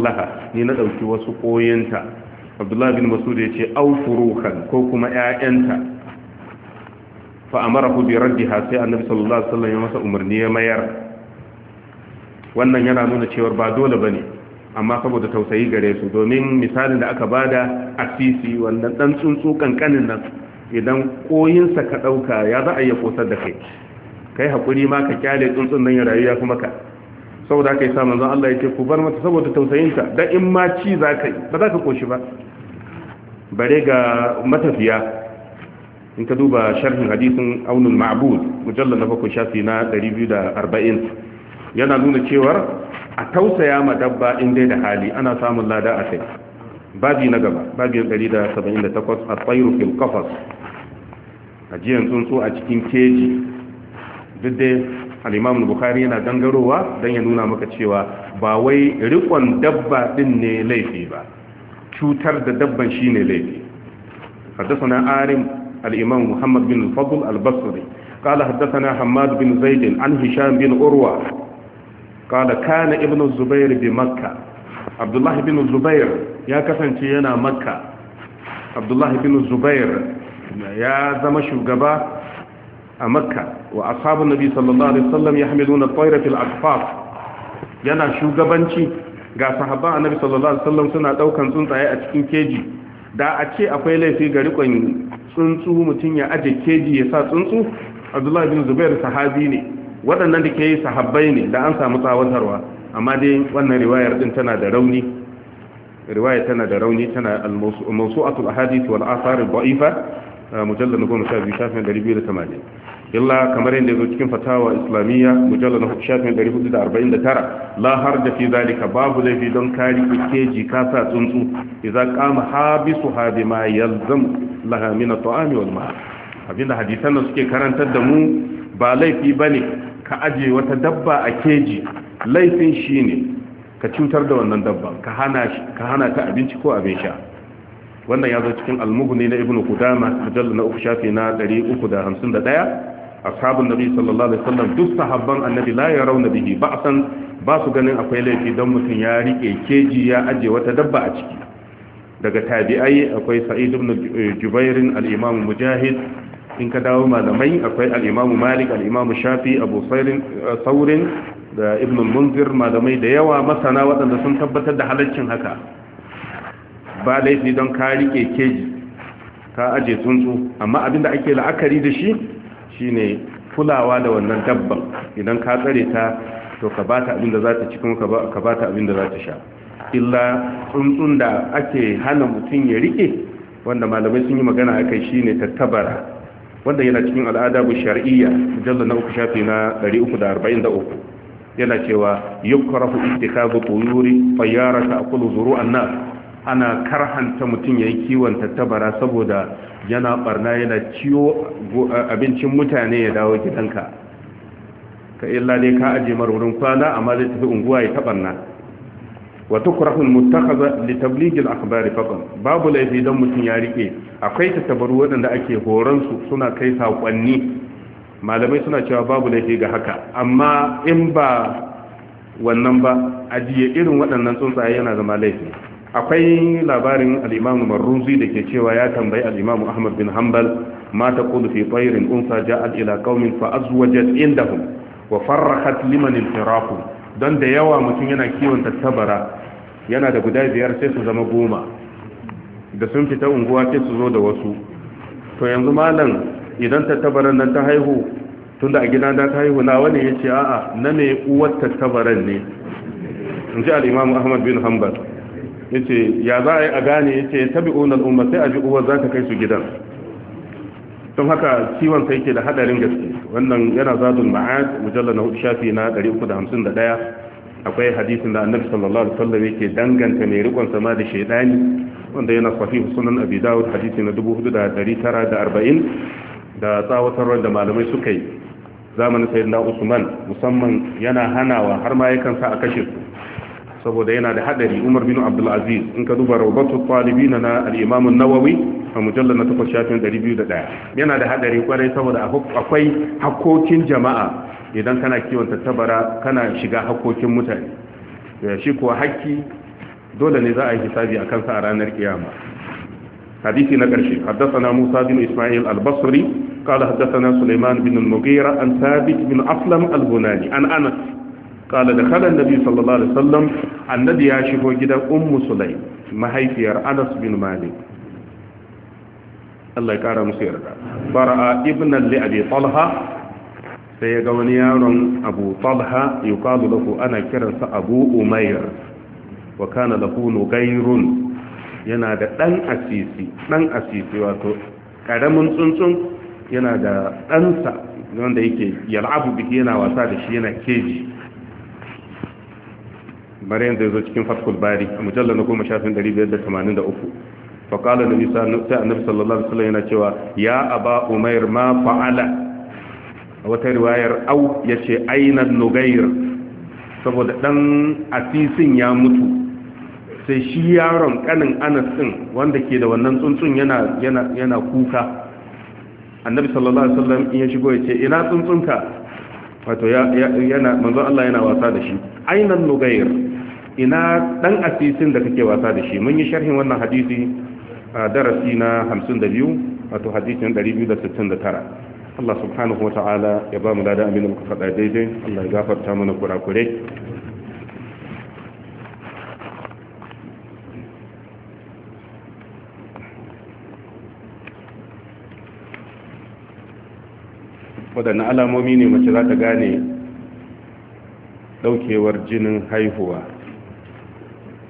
A: laha ni na ɗauki wasu koyenta abdullahi bin masud ya ce au furukan ko kuma ƴaƴanta fa ku bi raddiha sai annabi sallallahu alaihi wasallam ya masa umarni ya mayar wannan yana nuna cewa ba dole bane amma saboda tausayi gare su domin misalin da aka bada a sisi wannan dan tsuntsu kankanin nan idan koyinsa ka dauka ya za a yi kosar da kai kai hakuri ma ka kyale tsuntsun nan ya rayu ya kuma ka saboda aka yi sa manzon Allah ya ce ku bar mata saboda tausayinta dan in ma ci za yi ba za ka koshi ba bare ga matafiya in ka duba sharhin hadisin aunul ma'bud mujallal na bakwai shafi na 240 yana nuna cewar a tausaya ma dabba in dai da hali ana samun lada a kai babi na gaba babi 178 a tsayiru fil kafas ajiyan tsuntsu a cikin keji duk dai al'imam bukhari yana gangarowa don ya nuna maka cewa ba wai rikon dabba din ne laifi ba cutar da dabban shi ne laifi haddasa arim al’imam muhammad bin fadl al-basri kala haddasa hamad bin zaidin an hisham bin urwa kala kana ibn zubair bi makka abdullah bin zubair ya kasance yana makka abdullah bin zubair ya zama shugaba a makka wa ashabin nabi sallallahu alaihi wasallam ya hamiluna tsoyar fil yana shugabanci ga sahabban annabi sallallahu alaihi wasallam suna daukan tsuntsaye a cikin keji da a ce akwai laifi ga rikon tsuntsu mutum ya aje keji ya sa tsuntsu abdullahi bin zubair sahabi ne waɗannan da ke yi sahabbai ne da an samu tsawatarwa amma dai wannan riwayar din tana da rauni riwaya tana da rauni tana al-mawsu'atul ahadith wal athar al-da'ifa uh, mujallad 12 shafin 280 illa kamar yadda zo cikin fatawa islamiyya mujallar na shafin la har da fi zalika babu laifi don kari keji kasa tsuntsu idan kama habisu habi yalzam laha min at'ami wal ma abinda hadisan nan suke karantar da mu ba laifi bane ka aje wata dabba a keji laifin shine ka cutar da wannan dabba ka hana ka hana ta abinci ko abin sha wannan ya zo cikin almughni na ibnu qudama mujallal na uku ashabun nabi sallallahu alaihi wasallam duk sahabban annabi la yarawna bihi ba'san ba su ganin akwai laifi don mutum ya rike keji ya aje wata dabba a ciki daga tabi'ai akwai sa'id ibn eh, jubair al-imam mujahid in ka dawo malamai akwai al-imam malik al-imam shafi abu saurin eh, da ibn munzir malamai da yawa masana waɗanda sun tabbatar da halaccin haka ba laifi don ka rike keji ka aje tsuntsu amma abinda ake la'akari da shi shine kulawa da wannan dabba idan ka tsare ta to ka ba ta abin da za ta ci kuma ka ba ta abin da za ta sha illa tsuntsun da ake hana mutum ya rike wanda malamai sun yi magana akai shine tattabara wanda yana cikin al'adabu shar'iyya mujallal na uku shafi na 343 yana cewa yukrahu ittikabu tuyuri tayyara ta'kulu zuru'an nas ana karhanta mutum yayin kiwon tattabara saboda yana barna yana ciwo abincin mutane ya dawo gidanka ka illa dai ka aje mara wurin kwana amma zai tafi unguwa ya tabarna wa tukrahu almuttakhadha li tabligh al-akhbar babu laifi dan mutum ya rike akwai tattabaru wadanda ake horon su suna kai sakonni malamai suna cewa babu laifi ga haka amma in ba wannan ba ajiye irin waɗannan tsuntsaye yana zama laifi akwai labarin al-imamu marruzi da ke cewa ya tambayi al-imamu ahmad bin hanbal mata taqulu fi tayrin unsa ja'at ila qaumin fa azwajat indahum wa farrahat liman al don da yawa mutum yana kiwon tattabara yana da guda biyar sai su zama goma da sun fita unguwa sai su zo da wasu to yanzu malam idan tattabaran nan ta haihu tunda a gida ta haihu na wani yace a'a na me uwar tattabaran ne in ji al ahmad bin hanbal yace ya za a yi a gane yace tabi'una al-umma sai a ji uwar za ta kai su gidan don haka ciwon sai ke da hadarin gaske wannan yana zadul ma'ad mujalla na shafi na 351 akwai hadisin da annabi sallallahu alaihi wasallam yake danganta mai rikon sama da shaydani wanda yana sahih sunan abi dawud hadisi na 4940 da tsawatarwar da malamai suka yi zamanin sayyidina usman musamman yana hanawa har ma yakan sa a kashe su saboda yana da hadari Umar bin Abdul Aziz in ka duba Rawbatu Talibin na al-Imam an-Nawawi a mujallal na 8 shafin 201 yana da hadari kwarai saboda akwai hakokin jama'a idan kana kiwon tattabara kana shiga hakokin mutane shi kuwa hakki dole ne za a yi hisabi a kansa a ranar kiyama حديثي نقرشي حدثنا موسى بن إسماعيل البصري قال حدثنا سليمان بن المغيرة عن ثابت بن أسلم البناني عن أنس kala da kalan nabi sallallahu alaihi wasallam annabi ya shigo gidan ummu sulaim mahaifiyar anas bin malik Allah ya kara musu yarda ibn abi talha sai ga wani yaron abu talha yuqalu lahu ana kiransa abu umayr wa kana lahu nugairun yana da dan asisi dan asisi wato karamin tsuntsun yana da ɗansa wanda yake yal'abu biki yana wasa da shi yana keji bare yanzu zo cikin fathul bari a mujallar na goma shafin biyar da da tamanin uku, fa da nisa sai annabi sallallahu alaihi wasallam yana cewa ya aba umair ma fa'ala a wata riwayar au ce aina nugair saboda dan asisin ya mutu sai shi yaron kanin anas din wanda ke da wannan tsuntsun yana yana yana kuka annabi sallallahu alaihi wasallam in ya shigo ya ce ina tsuntsunka wato yana manzon Allah yana wasa da shi ainan nugair ina dan asisin da kake wasa da shi mun yi sharhin wannan hadisi a darasi na 52 wato hadisin 269 Allah subhanahu wa ya ba mu ladan abin da muka faɗa daidai Allah ya gafarta mana kurakure waɗanne alamomi ne mace za ta gane ɗaukewar jinin haihuwa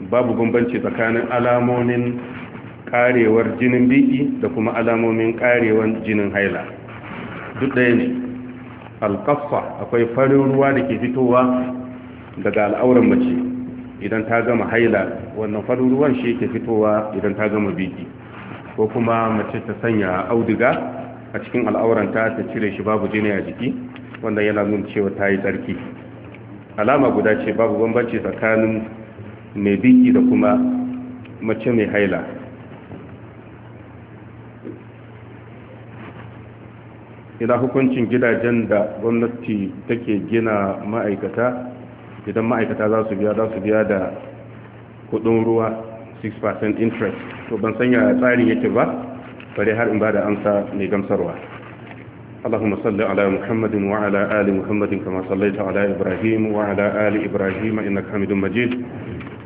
A: babu bambanci tsakanin alamomin karewar jinin biki da kuma alamomin karewar jinin haila duk ɗaya ne alƙafa akwai farin ruwa da ke fitowa daga al'auran mace idan ta gama haila wannan farin ruwan shi ke fitowa idan ta gama biki ko kuma mace ta sanya auduga a cikin al'auranta ta cire shi babu jini a jiki wanda yana nuna cewa ta yi tsarki alama guda ce babu bambanci tsakanin mai biki da kuma mace mai haila ina hukuncin gidajen da gwamnati take gina ma'aikata idan ma'aikata za su biya za su biya da kudin ruwa 6% interest to ban sanya tsarin yake ba bare har in ba da amsa mai gamsarwa اللهم صل على محمد وعلى آل محمد كما صليت على إبراهيم وعلى آل إبراهيم إنك حميد مجيد